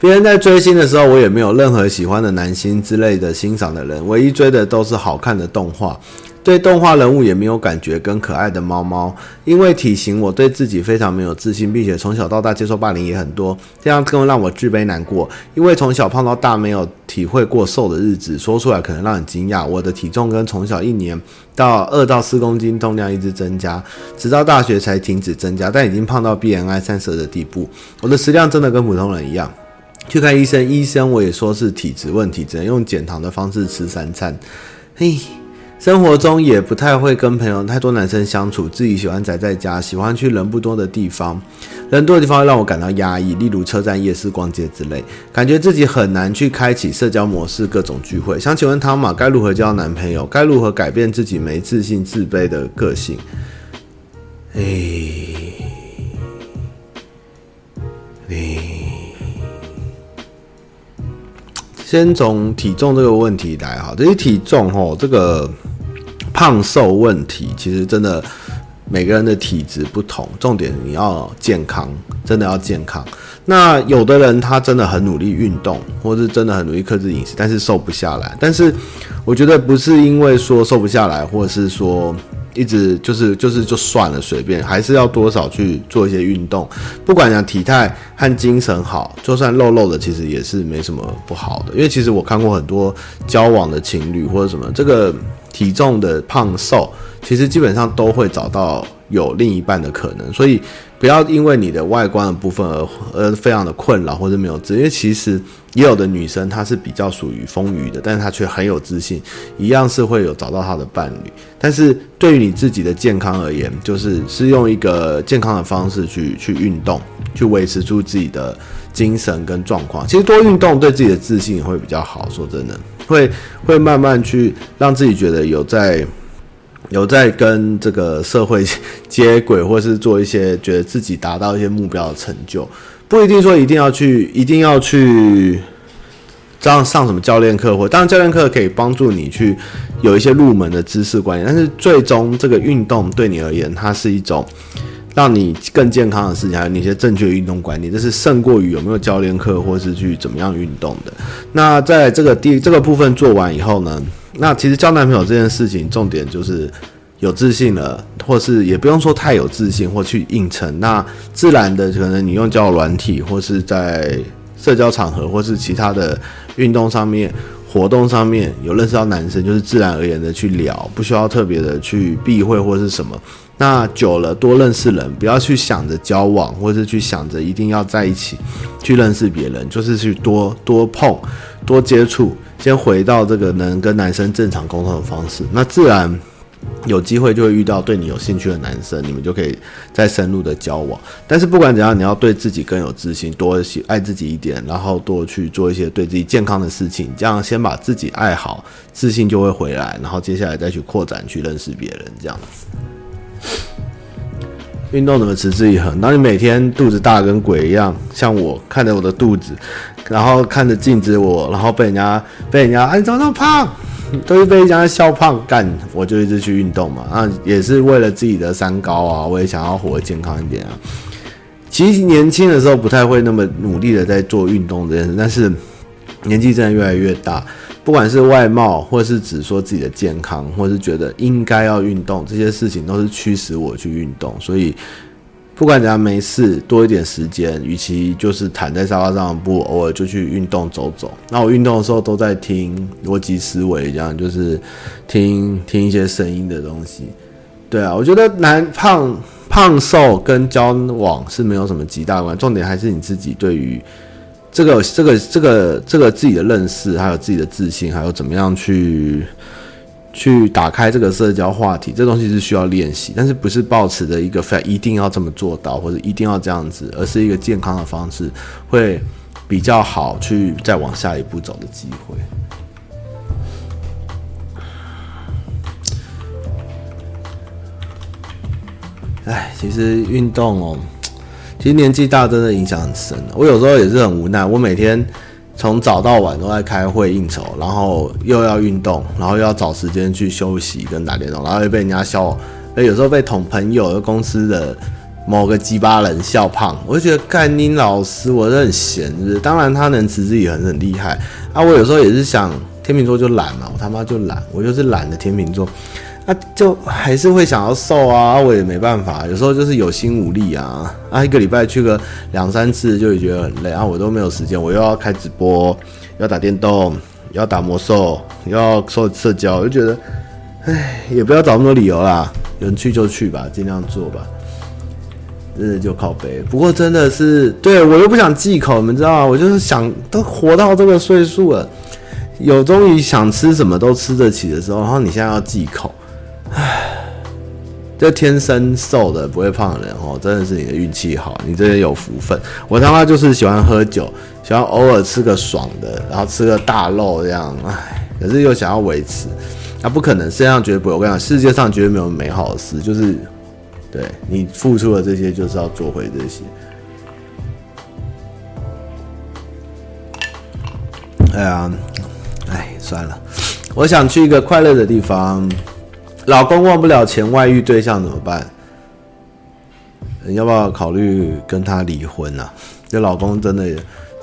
別人在追星的時候，我也沒有任何喜歡的男星之類的、欣賞的人，唯一追的都是好看的動畫。對動畫人物也沒有感覺，跟可愛的貓貓。因為體型，我對自己非常沒有自信，並且從小到大接受霸凌也很多，這樣更讓我自卑難過。因為從小胖到大，沒有體會過瘦的日子，說出來可能讓你驚訝。我的體重跟從小一年到二到四公斤重量一直增加，直到大學才停止增加，但已經胖到 BMI 三十的地步。我的食量真的跟普通人一樣。去看醫生，醫生我也說是體質問題，只能用減糖的方式吃三餐。嘿。生活中也不太會跟朋友，太多男生相處，自己喜歡宅在家，喜歡去人不多的地方。人多的地方會讓我感到壓抑，例如車站、夜市、逛街之類，感覺自己很難去開啟社交模式，各種聚會。想請問湯瑪，該如何交男朋友？該如何改變自己沒自信、自卑的個性？哎，哎，先從體重這個問題來哈，這是體重哈，這個。胖瘦問題其實真的每個人的體質不同，重點你要健康，真的要健康。那有的人他真的很努力運動，或者是真的很努力克制飲食，但是瘦不下來。但是我覺得不是因為說瘦不下來，或者是說一直就是就是就算了隨便，還是要多少去做一些運動。不管講體態和精神好，就算肉肉的其實也是沒什麼不好的，因為其實我看過很多交往的情侶或者什麼這個。體重的胖瘦，其實基本上都會找到有另一半的可能，所以不要因為你的外觀的部分而而非常的困擾或者沒有自信，因為其實也有的女生她是比較屬於豐腴的，但是她卻很有自信，一樣是會有找到她的伴侶。但是對於你自己的健康而言，就是是用一個健康的方式去去運動，去維持住自己的精神跟狀況。其實多運動對自己的自信也會比較好。說真的。會會慢慢去讓自己覺得有在有在跟這個社會接軌，或是做一些覺得自己達到一些目標的成就，不一定說一定要去一定要去這樣上，上什麼教練課，或當然教練課可以幫助你去有一些入門的知識觀念，但是最終這個運動對你而言，它是一種。讓你更健康的事情，還有哪些正確的運動觀念？這是勝過於有沒有教練課，或是去怎麼樣運動的。那在這個第這個部分做完以後呢？那其實交男朋友這件事情，重點就是有自信了，或是也不用說太有自信，或去硬撐。那自然的，可能你用交友軟體，或是在社交場合，或是其他的運動上面、活動上面有認識到男生，就是自然而然的去聊，不需要特別的去避諱或是什麼。那久了多認識人，不要去想着交往，或是去想着一定要在一起，去認識別人，就是去多多碰、多接觸。先回到這個能跟男生正常溝通的方式，那自然有機會就會遇到對你有興趣的男生，你們就可以再深入的交往。但是不管怎樣，你要對自己更有自信，多愛自己一點，然後多去做一些對自己健康的事情。這樣先把自己愛好，自信就會回來，然後接下來再去擴展去認識別人，這樣子。運動怎麼持之以恆？然後你每天肚子大跟鬼一樣，像我看着我的肚子，然後看着鏡子我，然後被人家被人家哎、啊、你怎麼那麼胖，都是被人家笑胖幹，我就一直去運動嘛啊，也是為了自己的三高啊，我也想要活得健康一點啊。其實年輕的時候不太會那麼努力的在做運動這件事，但是年紀真的越來越大。不管是外貌，或是只說自己的健康，或是覺得應該要運動，這些事情都是驅使我去運動。所以，不管怎樣沒事，多一點時間，與其就是躺在沙發上不，偶爾就去運動走走。那我運動的時候都在聽邏輯思維，這樣就是聽聽一些聲音的東西。對啊，我覺得男胖胖瘦跟交往是沒有什麼極大的關，重點還是你自己對於。這個這個這個這個自己的認識，還有自己的自信，還有怎麼樣去，去打開這個社交話題，這東西是需要練習，但是不是抱持著一個非一定要這麼做到，或者一定要這樣子，而是一個健康的方式，會比較好去再往下一步走的機會。哎，其實運動哦。其實年紀大真的影響很深，我有時候也是很無奈。我每天從早到晚都在開會應酬，然後又要運動，然後又要找時間去休息跟打電動，然後又被人家笑，而有時候被同朋友的公司的某個雞巴人笑胖，我就覺得幹你老師，我就很是很閒，就是，當然他能持之以恆很厲害啊，我有時候也是想，天秤座就懶嘛，我他媽就懶，我就是懶的天秤座。啊、就還是會想要瘦啊，我也沒辦法，有時候就是有心無力啊。啊，一個禮拜去個兩三次，就覺得很累啊，我都沒有時間，我又要開直播，要打電動，要打魔獸，要受社交，我就覺得，哎，也不要找那麼多理由啦，能去就去吧，盡量做吧，真的就靠杯。不過真的是，對，我又不想忌口，你們知道啊，我就是想都活到這個歲數了，有終於想吃什麼都吃得起的時候，然後你現在要忌口。唉，這天生瘦的不會胖的人哦、喔，真的是你的運氣好，你真的有福分。我他媽就是喜歡喝酒，喜歡偶爾吃個爽的，然後吃個大肉這樣。哎，可是又想要維持，那、啊、不可能，世界上絕對不會。我跟你講，世界上絕對沒有美好的事，就是對你付出的這些，就是要做回這些。哎呀、啊，哎，算了，我想去一個快樂的地方。老公忘不了前外遇對象怎麼辦？要不要考慮跟他離婚啊？這老公真的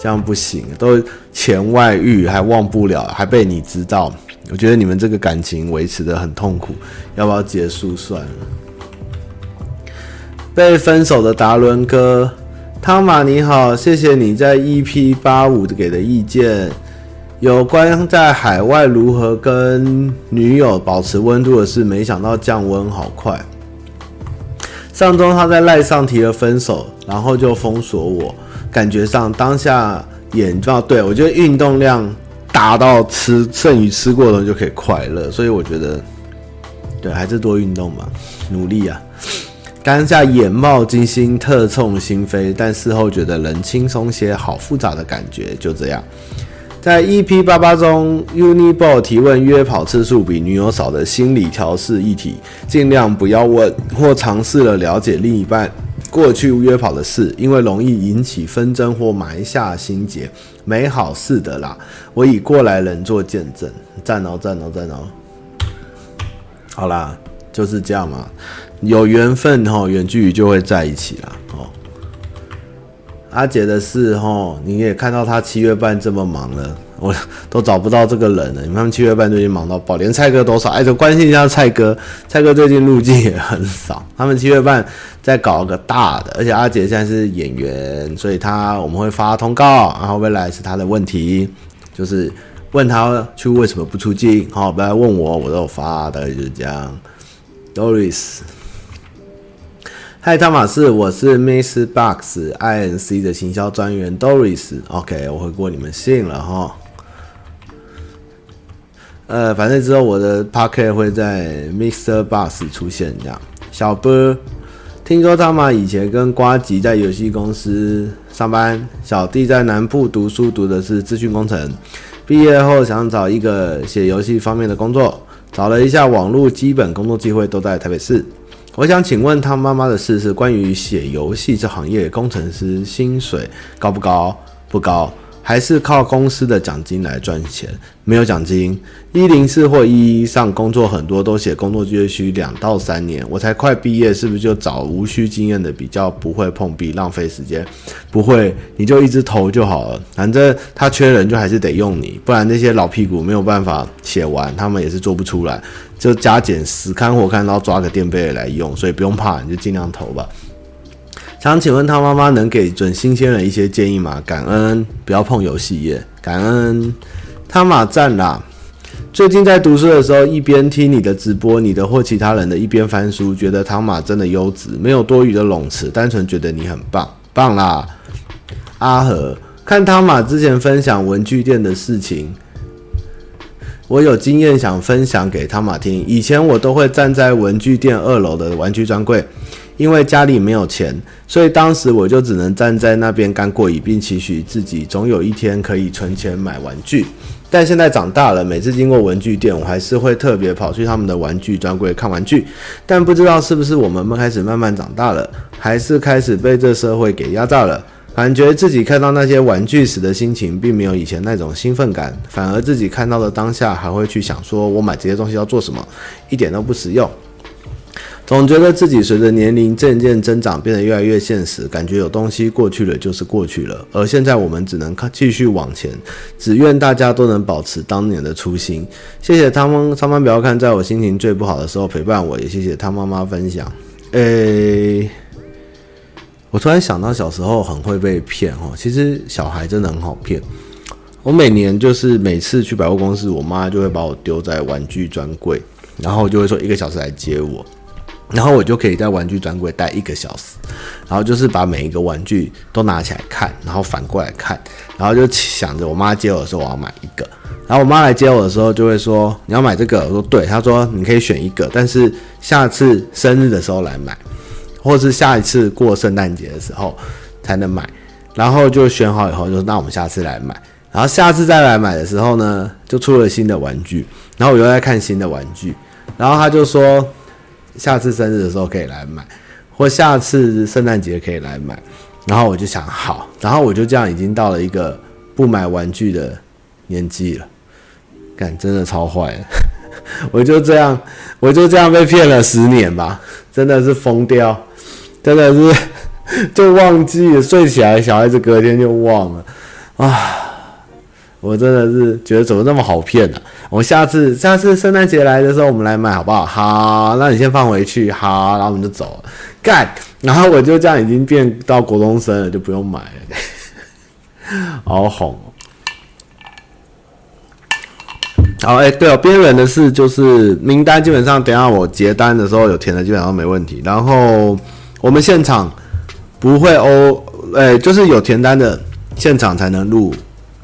這樣不行，都前外遇還忘不了，還被你知道，我覺得你們這個感情維持的很痛苦，要不要結束算了？被分手的達倫哥湯瑪，你好，謝謝你在 EP 八五給的意見。有關在海外如何跟女友保持溫度的事，沒想到降溫好快。上周他在賴上提了分手，然後就封鎖我。感覺上當下眼冒，對我覺得運動量達到吃剩餘吃過的人就可以快樂，所以我覺得對還是多運動嘛，努力啊。當下眼冒金星，特衝心扉，但事後覺得人輕鬆些，好複雜的感覺，就這樣。在 EP 八八中，Uniball 提問約跑次數比女友少的心理調試議題，儘量不要問，或嘗試了了解另一半過去約跑的事，因為容易引起紛爭或埋下心結，沒好事的啦。我以過來人做見證，讚哦讚哦讚哦，讚哦，好啦，就是這樣嘛，有緣分吼、哦，遠距離就會在一起啦，哦。阿傑的事哦，你也看到他七月半這麼忙了，我都找不到這個人了。你看，他們七月半最近忙到爆，連蔡哥都少。哎，就關心一下蔡哥，蔡哥最近入鏡也很少。他們七月半在搞一個大的，而且阿傑現在是演員，所以他我們會發通告。然後未來是他的問題，就是問他去為什麼不出鏡，好，不要問我，我都有發的，大概就是這樣。Doris。嗨，湯馬士，我是 Mr. Box Inc 的行銷專員 Doris。OK，我回過你們信了哈。呃，反正之後我的 Podcast 會在 Mr. Box 出現，這樣。小波聽說湯馬以前跟呱吉在遊戲公司上班，小弟在南部讀書，讀的是資訊工程，畢業後想找一個寫遊戲方面的工作，找了一下網絡，基本工作機會都在台北市。我想請問他媽媽的事是關於寫遊戲這行業，工程師薪水高不高？不高。還是靠公司的獎金來賺錢，沒有獎金。一零四或一一上工作很多都寫工作經歷需兩到三年，我才快畢業，是不是就找無需經驗的，比較不會碰壁，浪費時間？不會，你就一直投就好了，反正他缺人就還是得用你，不然那些老屁股沒有辦法寫完，他們也是做不出來，就加減死看活看，然後抓個墊背的來用，所以不用怕，你就盡量投吧。想請問湯媽媽能給準新鮮人一些建議嗎？感恩。不要碰遊戲業。感恩。湯瑪讚啦！最近在讀書的時候，一邊聽你的直播，你的或其他人的，一邊翻書，覺得湯瑪真的優質，沒有多餘的冗詞，單純覺得你很棒棒啦！阿和，看湯瑪之前分享文具店的事情，我有經驗想分享給湯瑪聽。以前我都會站在文具店二樓的玩具專櫃。因為家裡沒有錢，所以當時我就只能站在那邊乾過癮，並期許自己總有一天可以存錢買玩具。但現在長大了，每次經過文具店，我還是會特別跑去他們的玩具專櫃看玩具。但不知道是不是我們開始慢慢長大了，還是開始被這社會給壓榨了？感覺自己看到那些玩具時的心情，並沒有以前那種興奮感，反而自己看到的當下，還會去想說我買這些東西要做什麼，一點都不實用。總覺得自己隨着年齡漸漸增長，變得越來越現實，感覺有東西過去了就是過去了。而現在我們只能看繼續往前，只願大家都能保持當年的初心。謝謝他們，他們，不要看，在我心情最不好的時候陪伴我，也謝謝他媽媽分享。誒、欸。我突然想到小時候很會被騙哦，其實小孩真的很好騙。我每年就是每次去百貨公司，我媽就會把我丟在玩具專櫃，然後就會說一個小時來接我。然後我就可以在玩具專櫃待一個小時，然後就是把每一個玩具都拿起來看，然後反過來看，然後就想着我媽接我的時候我要買一個，然後我媽來接我的時候就會說你要買這個，我說對，她說你可以選一個，但是下次生日的時候來買，或是下一次過聖誕節的時候才能買，然後就選好以後就說那我們下次來買，然後下次再來買的時候呢，就出了新的玩具，然後我又在看新的玩具，然後她就說。下次生日的時候可以來買，或下次聖誕節可以來買，然後我就想好，然後我就這樣已經到了一個不買玩具的年紀了，幹，真的超壞了， 我就這樣我就這樣被騙了十年吧，真的是瘋掉，真的是就忘記了，睡起來小孩子隔天就忘了，啊。我真的是覺得怎麼那麼好騙呢？我下次下次聖誕節來的時候我們來買好不好？好，那你先放回去，好，然後我們就走。幹，然後我就這樣已經變到國中生了，就不用買了。好紅。好，哎，對哦，邊緣人的事就是名單，基本上等下我結單的時候有填的基本上沒問題。然後我們現場不會哦，哎，就是有填單的現場才能錄，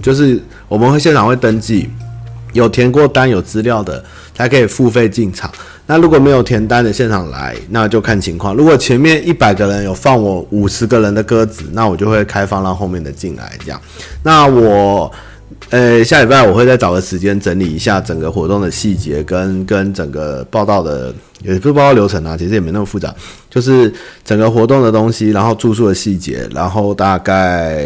就是。我們會現場會登記，有填過單有資料的才可以付費進場。那如果沒有填單的現場來，那就看情況。如果前面一百個人有放我五十個人的鴿子，那我就會開放讓後面的進來。這樣，那我，呃，下禮拜我會再找個時間整理一下整個活動的細節跟跟整個報道的，也不是報道流程啊，其實也沒那麼複雜，就是整個活動的東西，然後住宿的細節，然後大概。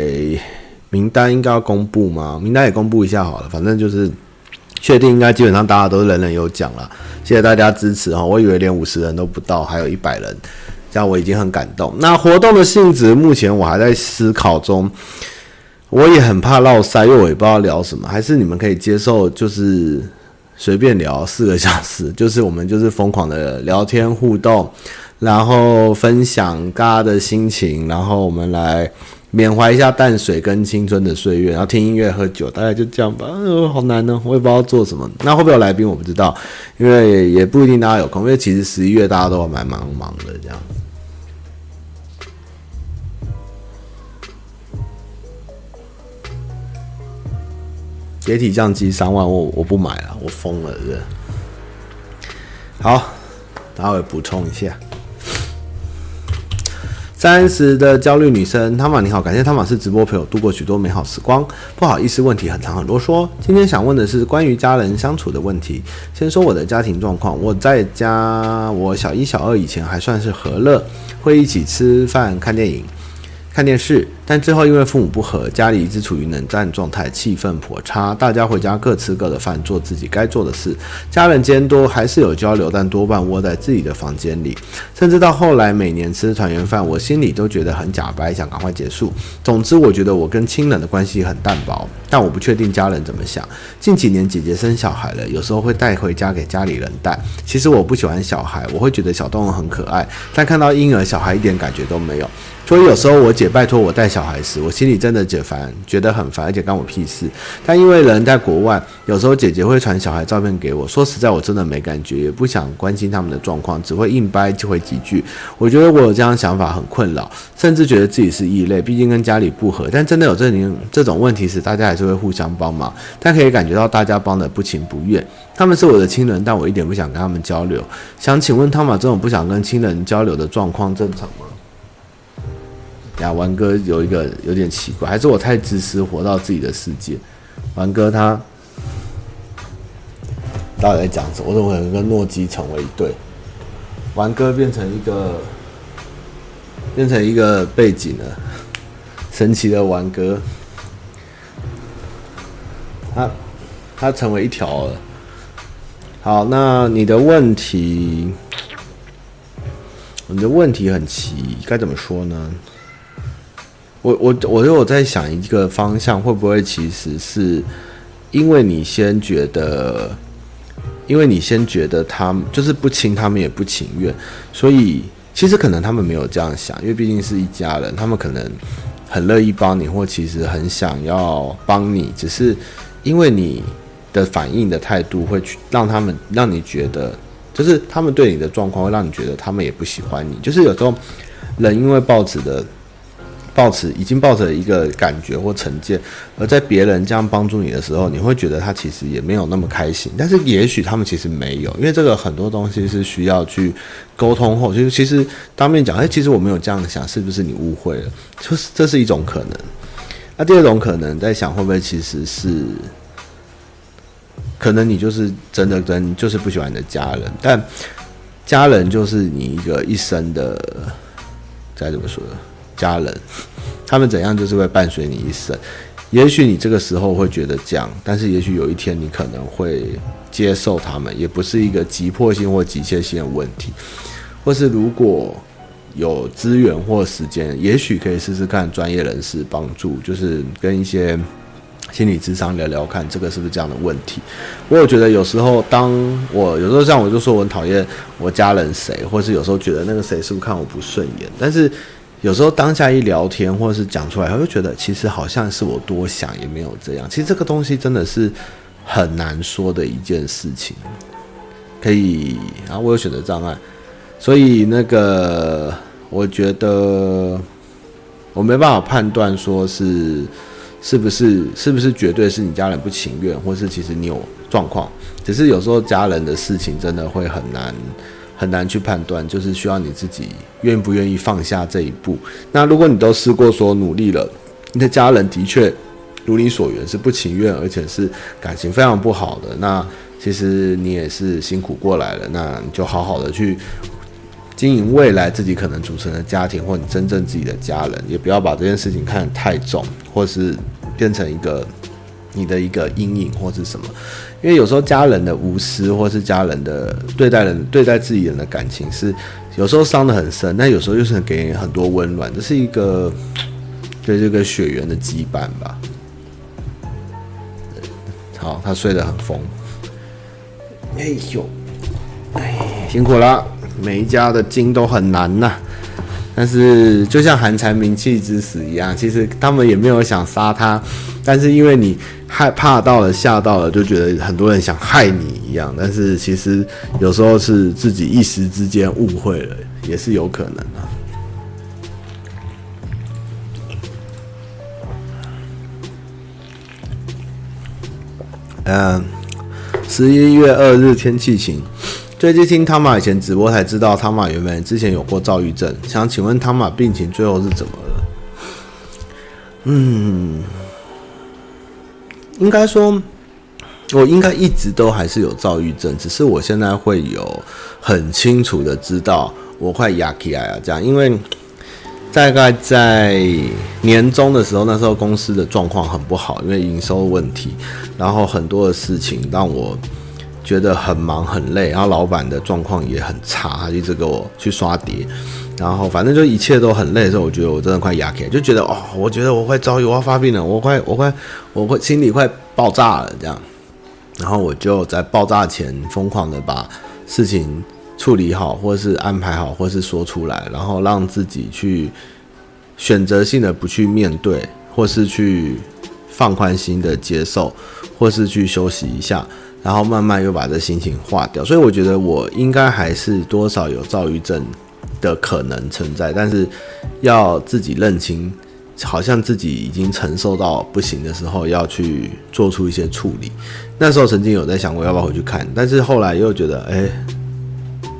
名單應該要公布嗎？名單也公布一下好了，反正就是確定，應該基本上大家都是人人有獎了。謝謝大家支持哈！我以為連五十人都不到，還有一百人，這樣我已經很感動。那活動的性質目前我還在思考中，我也很怕烙塞，因為我也不知道聊什麼。還是你們可以接受，就是隨便聊四個小時，就是我們就是瘋狂的聊天互動，然後分享大家的心情，然後我們來緬懷一下淡水跟青春的歲月，然後聽音樂、喝酒，大概就這樣吧。呃，好難呢，喔，我也不知道做什麼。那會不會有來賓？我不知道，因為也，也不一定大家有空，因為其實十一月大家都蠻忙忙的這樣。液體相機三萬我，我我不買了，我瘋了是，是。好，待會補充一下。三十的焦慮女生姆湯你好，感謝姆湯是直播陪我度過許多美好時光。不好意思，問題很長很囉嗦。今天想問的是關於家人相處的問題。先說我的家庭狀況，我在家，我小一、小二以前還算是和樂，會一起吃飯、看電影、看電視。但最後因為父母不和，家裡一直處於冷戰狀態，氣氛頗差。大家回家各吃各的飯，做自己該做的事。家人間多還是有交流，但多半窩在自己的房間裡。甚至到後來，每年吃團圓飯，我心裡都覺得很假白，想趕快結束。總之，我覺得我跟親人的關係很淡薄，但我不確定家人怎麼想。近幾年姐姐生小孩了，有時候會帶回家給家裡人帶。其實我不喜歡小孩，我會覺得小動物很可愛，但看到嬰兒小孩一點感覺都沒有。所以有時候我姐拜託我帶小。小孩時，我心裡真的解煩，覺得很煩，而且干我屁事。但因為人在國外，有時候姐姐會傳小孩照片給我，說實在，我真的沒感覺，也不想關心他們的狀況，只會硬掰就會幾句。我覺得我有這樣想法很困擾，甚至覺得自己是異類，畢竟跟家裡不合。但真的有這，這種問題時，大家還是會互相幫忙，但可以感覺到大家幫得不情不願。他們是我的親人，但我一點不想跟他們交流。想請問湯馬，這種不想跟親人交流的狀況正常嗎？呀、啊，玩哥有一個有點奇怪，還是我太自私，活到自己的世界。玩哥他，到底在講什麼？我怎麼可能跟諾基成為一對？玩哥變成一個，變成一個背景了，神奇的玩哥。他他成為一條了。好，那你的問題，你的問題很奇，該怎麼說呢？我我我就我在想一個方向，會不會其實是因為你先覺得，因為你先覺得他們就是不親，他們也不情願，所以其實可能他們沒有這樣想，因為畢竟是一家人，他們可能很樂意幫你，或其實很想要幫你，只是因為你的反應的態度，會去讓他們讓你覺得，就是他們對你的狀況，會讓你覺得他們也不喜歡你，就是有時候人因為報紙的。抱持，已經抱着了一個感覺或成見，而在別人這樣幫助你的時候，你會覺得他其實也沒有那麼開心。但是也許他們其實沒有，因為這個很多東西是需要去溝通後，就是其實當面講，哎、欸，其實我沒有這樣想，是不是你誤會了？就是這是一種可能。那、啊、第二種可能，在想會不會其實是，可能你就是真的真就是不喜歡你的家人，但家人就是你一個一生的，再怎麼說呢？家人，他們怎樣就是會伴隨你一生。也許你這個時候會覺得這樣，但是也許有一天你可能會接受他們，也不是一個急迫性或急切性的問題。或是如果有資源或時間，也許可以試試看專業人士幫助，就是跟一些心理諮商聊聊看，這個是不是這樣的問題。我有覺得有時候，當我有時候這樣，我就說我很討厭我家人誰，或是有時候覺得那個誰是不是看我不順眼，但是。有時候當下一聊天，或者是講出來，我就覺得其實好像是我多想，也沒有這樣。其實這個東西真的是很難說的一件事情。可以啊，我有選擇障礙，所以那個我覺得我沒辦法判斷說是是不是是不是，絕對是你家人不情願，或是其實你有狀況。只是有時候家人的事情真的會很難，很難去判斷，就是需要你自己願不願意放下這一步。那如果你都試過說努力了，你的家人的確如你所願是不情願，而且是感情非常不好的，那其實你也是辛苦過來了，那你就好好的去經營未來自己可能組成的家庭，或你真正自己的家人，也不要把這件事情看得太重，或是變成一個。你的一個陰影或是什麼？因為有時候家人的無私，或是家人的對待人、對待自己人的感情，是有時候傷得很深，但有時候又是很給很多溫暖。這是一個對這個血緣的羈絆吧。好，他睡得很瘋。哎呦，哎，辛苦了！每一家的經都很難吶、啊。但是就像寒蟬鳴泣之時一樣，其實他們也沒有想殺他。但是因為你害怕到了嚇到了，就覺得很多人想害你一樣。但是其實有時候是自己一時之間誤會了，也是有可能的。嗯，十一月二日天氣晴。最近聽湯瑪以前直播才知道湯瑪原本之前有過躁鬱症，想請問湯瑪病情最後是怎麼了？嗯。應該說，我應該一直都還是有躁鬱症，只是我現在會有很清楚的知道我快壓垮了，這樣。因為大概在年終的時候，那時候公司的狀況很不好，因為營收問題，然後很多的事情讓我覺得很忙很累，然後老闆的狀況也很差，他一直給我去刷碟。然後，反正就一切都很累的時候，我覺得我真的快壓垮，就覺得哦，我覺得我快躁鬱，我要發病了，我快，我快，我快，我會心裡快爆炸了這樣。然後我就在爆炸前瘋狂的把事情處理好，或是安排好，或是說出來，然後讓自己去選擇性的不去面對，或是去放寬心的接受，或是去休息一下，然後慢慢又把這心情化掉。所以我覺得我應該還是多少有躁鬱症。的可能存在，但是要自己認清，好像自己已經承受到不行的時候，要去做出一些處理。那時候曾經有在想過要不要回去看，但是後來又覺得，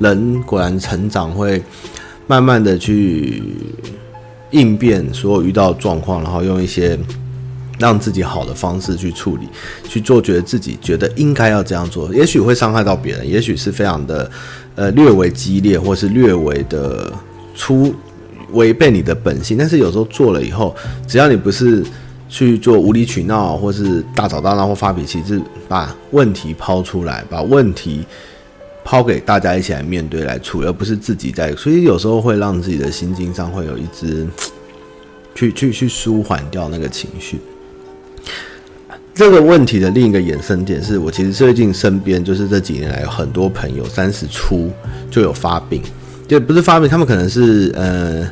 誒，人果然成長會慢慢的去應變所有遇到狀況，然後用一些讓自己好的方式去處理，去做，覺得自己覺得應該要這樣做，也許會傷害到別人，也許是非常的。呃，略為激烈，或是略微的出違背你的本性，但是有時候做了以後，只要你不是去做無理取鬧，或是大吵大鬧或發脾氣，其實是把問題拋出來，把問題拋給大家一起來面對來處，而不是自己在，所以有時候會讓自己的心境上會有一支去去去舒緩掉那個情緒。這個問題的另一個衍生點是，我其實最近身邊就是這幾年來有很多朋友三十出就有發病，就不是發病，他們可能是嗯、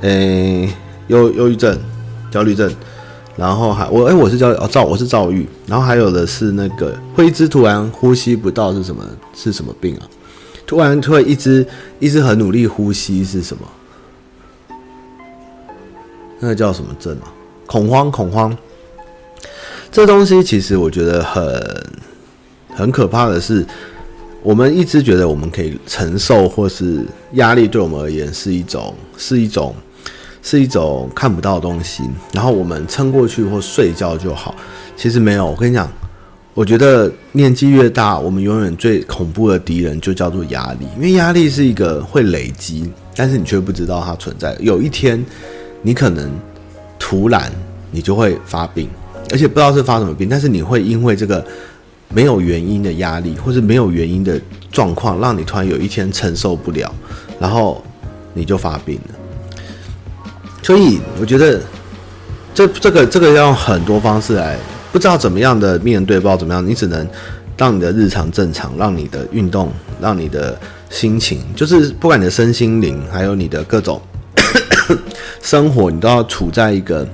呃，呃，憂憂鬱症、焦慮症，然後還我哎我是焦哦躁我是躁鬱，然後還有的是那個會一直突然呼吸不到，是什麼是什麼病啊？突然會一直一直很努力呼吸是什麼？那個叫什麼症啊？恐慌恐慌。這東西其實我覺得很很可怕的是，我們一直覺得我們可以承受或是壓力，對我們而言是一種是一種是一種看不到的東西。然後我們撐過去或睡覺就好。其實沒有，我跟你講，我覺得年紀越大，我們永遠最恐怖的敵人就叫做壓力，因為壓力是一個會累積，但是你卻不知道它存在。有一天，你可能突然你就會發病。而且不知道是發什麼病，但是你會因為這個沒有原因的壓力，或是沒有原因的狀況，讓你突然有一天承受不了，然後你就發病了。所以我覺得這這個這個要用很多方式來，不知道怎麼樣的面對，不知道怎麼樣，你只能讓你的日常正常，讓你的運動，讓你的心情，就是不管你的身心靈，還有你的各種 生活，你都要處在一個。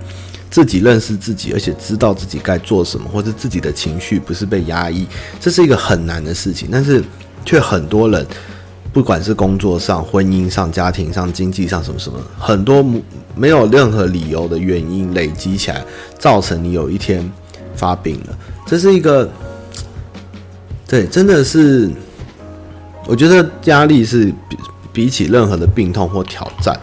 自己認識自己，而且知道自己該做什麼，或者自己的情緒不是被壓抑，這是一個很難的事情。但是，卻很多人，不管是工作上、婚姻上、家庭上、經濟上什麼什麼，很多沒有任何理由的原因累積起來，造成你有一天發病了。這是一個，對，真的是，我覺得壓力是比比起任何的病痛或挑戰。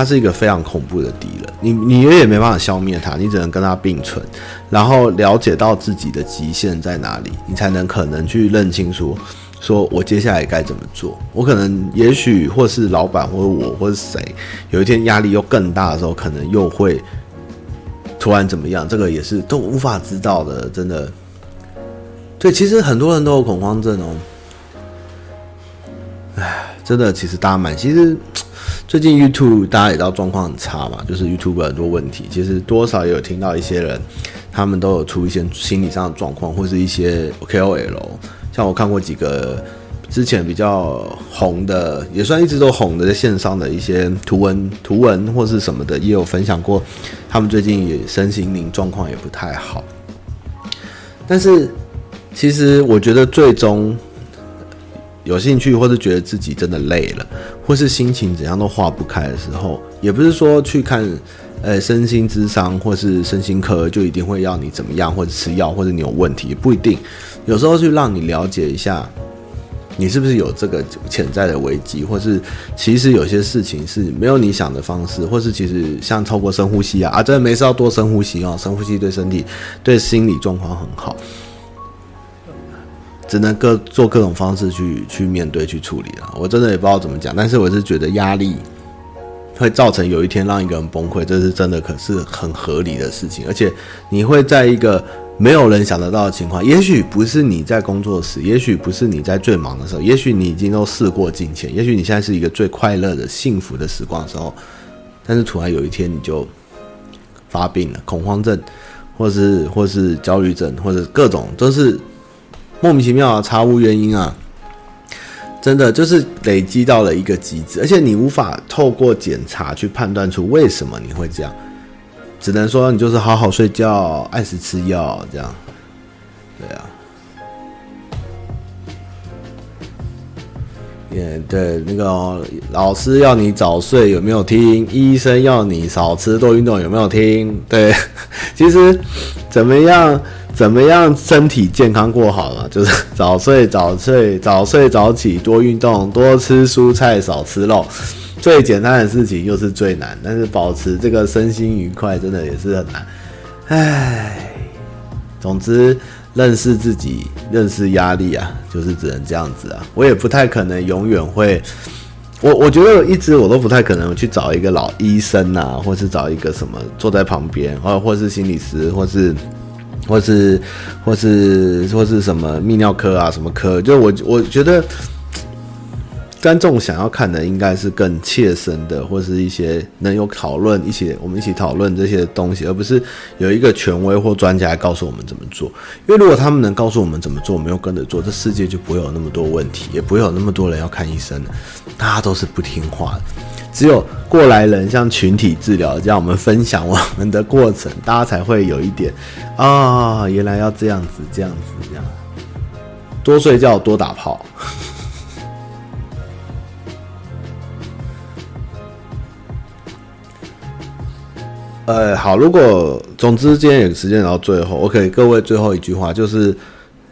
他是一個非常恐怖的敵人，你你永遠沒辦法消滅他，你只能跟他並存，然後了解到自己的極限在哪裡，你才能可能去認清楚，說我接下來該怎麼做。我可能也許或是老闆，或者我，或者誰，有一天壓力又更大的時候，可能又會突然怎麼樣？這個也是都無法知道的，真的。對，其實很多人都有恐慌症哦。哎，真的，其實大家蠻其實。最近 YouTube 大家也知道狀況很差嘛，就是 YouTube 很多問題，其實多少也有聽到一些人，他們都有出一些心理上的狀況，或是一些 KOL，像我看過幾個之前比較紅的，也算一直都紅的，在線上的一些圖文圖文或是什麼的，也有分享過，他們最近也身心靈狀況也不太好，但是其實我覺得最終。有興趣，或是覺得自己真的累了，或是心情怎樣都化不開的時候，也不是說去看，呃、欸，身心諮商或是身心科就一定會要你怎麼樣，或者吃藥，或者你有問題也不一定。有時候去讓你了解一下，你是不是有這個潛在的危機，或是其實有些事情是沒有你想的方式，或是其實像透過深呼吸啊，啊，真的沒事要多深呼吸哦，深呼吸對身體、對心理狀況很好。只能各做各種方式去去面對去處理了。我真的也不知道怎麼講，但是我是覺得壓力會造成有一天讓一個人崩潰，這是真的，可是很合理的事情。而且你會在一個沒有人想得到的情況，也許不是你在工作時，也許不是你在最忙的時候，也許你已經都事過境遷，也許你現在是一個最快樂的幸福的時光的時候，但是突然有一天你就發病了，恐慌症、或是或是焦慮症，或者各種都是。莫名其妙啊，查無原因啊，真的就是累積到了一個極致，而且你無法透過檢查去判斷出為什麼你會這樣，只能說你就是好好睡覺，按時吃藥，這樣，對啊。Yeah, 對，那個、哦、老師要你早睡，有沒有聽？醫生要你少吃多運動，有沒有聽？對，其實怎麼樣怎麼樣身體健康過好了，就是早睡早睡早睡早起，多運動，多吃蔬菜少吃肉。最簡單的事情又是最難，但是保持這個身心愉快，真的也是很難。唉，總之。認識自己，認識壓力啊，就是只能這樣子啊。我也不太可能永遠會，我我覺得一直我都不太可能去找一個老醫生吶、啊，或是找一個什麼坐在旁邊，或、啊、或是心理師，或是或是或是或是什麼泌尿科啊什麼科，就我我覺得。觀眾想要看的應該是更切身的，或是一些能有討論，一些我們一起討論這些東西，而不是有一個權威或專家來告訴我們怎麼做。因為如果他們能告訴我們怎麼做，我們又跟着做，這世界就不會有那麼多問題，也不會有那麼多人要看醫生了。大家都是不聽話的，只有過來人，像群體治療這樣，我們分享我們的過程，大家才會有一點啊、哦，原來要這樣子，這樣子，這樣，多睡覺，多打炮。呃，好，如果總之今天有時間聊到最後，OK，各位最後一句話就是，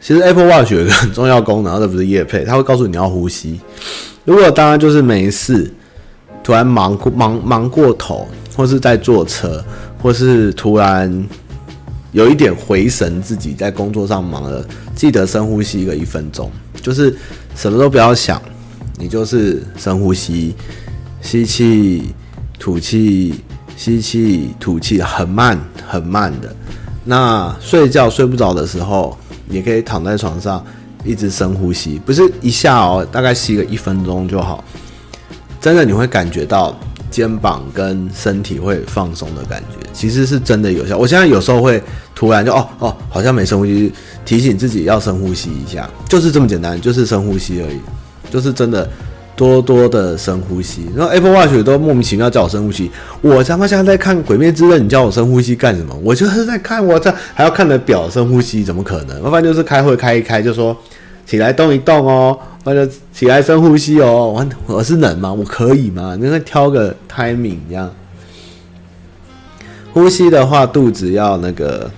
其實 Apple Watch 有一個很重要功能，那不是業配，它會告訴你要呼吸。如果大家就是沒事，突然忙過忙忙過頭，或是在坐車，或是突然有一點回神，自己在工作上忙了，記得深呼吸個一分鐘，就是什麼都不要想，你就是深呼吸，吸氣，吐氣。吸氣、吐氣，很慢、很慢的。那睡覺睡不着的時候，也可以躺在床上一直深呼吸，不是一下哦，大概吸個一分鐘就好。真的，你會感覺到肩膀跟身體會放鬆的感覺，其實是真的有效。我現在有時候會突然就哦哦，好像沒深呼吸，提醒自己要深呼吸一下，就是這麼簡單，就是深呼吸而已，就是真的。多多的深呼吸，然後 Apple Watch 都莫名其妙叫我深呼吸。我他媽現在在看《鬼滅之刃》，你叫我深呼吸幹什麼？我就是在看，我這還要看的表深呼吸，怎麼可能？要不然就是開會開一開，就說起來動一動哦，那就起來深呼吸哦。我我是能嗎？我可以嗎？你在挑個 timing 一樣，呼吸的話，肚子要那個，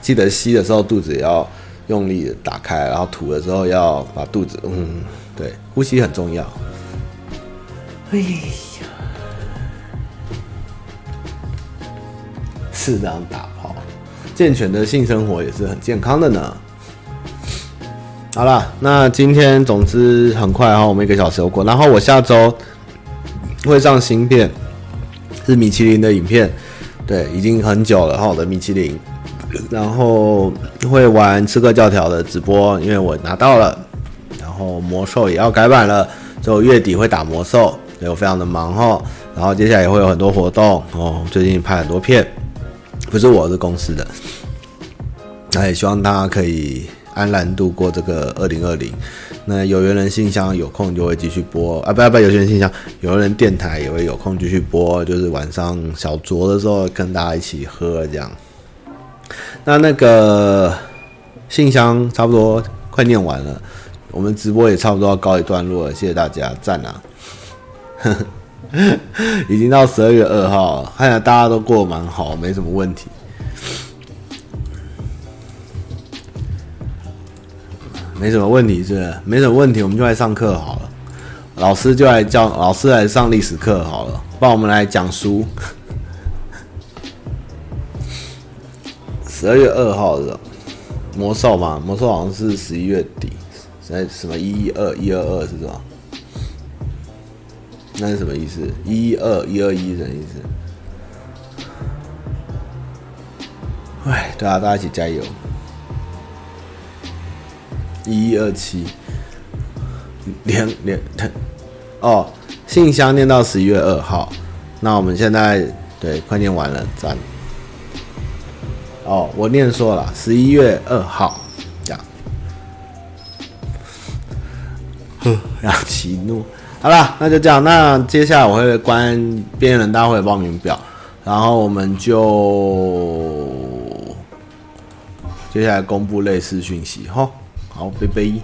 記得吸的時候肚子要用力打開，然後吐的時候要把肚子嗯，對，呼吸很重要。哎呀，四張大炮，健全的性生活也是很健康的呢。好了，那今天總之很快哈、喔，我們一個小時又過。然後我下周會上新片，是米其林的影片，對，已經很久了哈、喔，我的米其林。然後會玩刺客教條的直播，因為我拿到了。然後魔獸也要改版了，就月底會打魔獸。有非常的忙哈，然後接下來也會有很多活動哦。最近拍很多片，不是我是公司的，那、哎、也希望大家可以安然度過這個二零二零。那有緣人信箱有空就會繼續播啊，不不，有緣人信箱，有緣人電台也會有空繼續播，就是晚上小酌的時候跟大家一起喝這樣。那那個信箱差不多快念完了，我們直播也差不多要告一段落了，謝謝大家，讚啊！ 已經到十二月二號了，看起來大家都過得蠻好，沒什麼問題，沒什麼問題是是，是沒什麼問題，我們就來上課好了。老師就來教，老師來上歷史課好了，幫我們來講書。十二月二號的魔獸嘛，魔獸好像是十一月底，什麼一一二一二二是什麼？那是什麼意思？一二一二一什麼意思？哎，對啊，大家一起加油！一一二七，兩兩哦，信箱念到十一月二號，那我們現在對快念完了，讚！哦，我念錯了，十一月二號，講，哼，然後起怒。好啦，那就這樣。那接下來我會關邊緣人大會報名表，然後我們就接下來公布類似訊息齁。好，拜拜。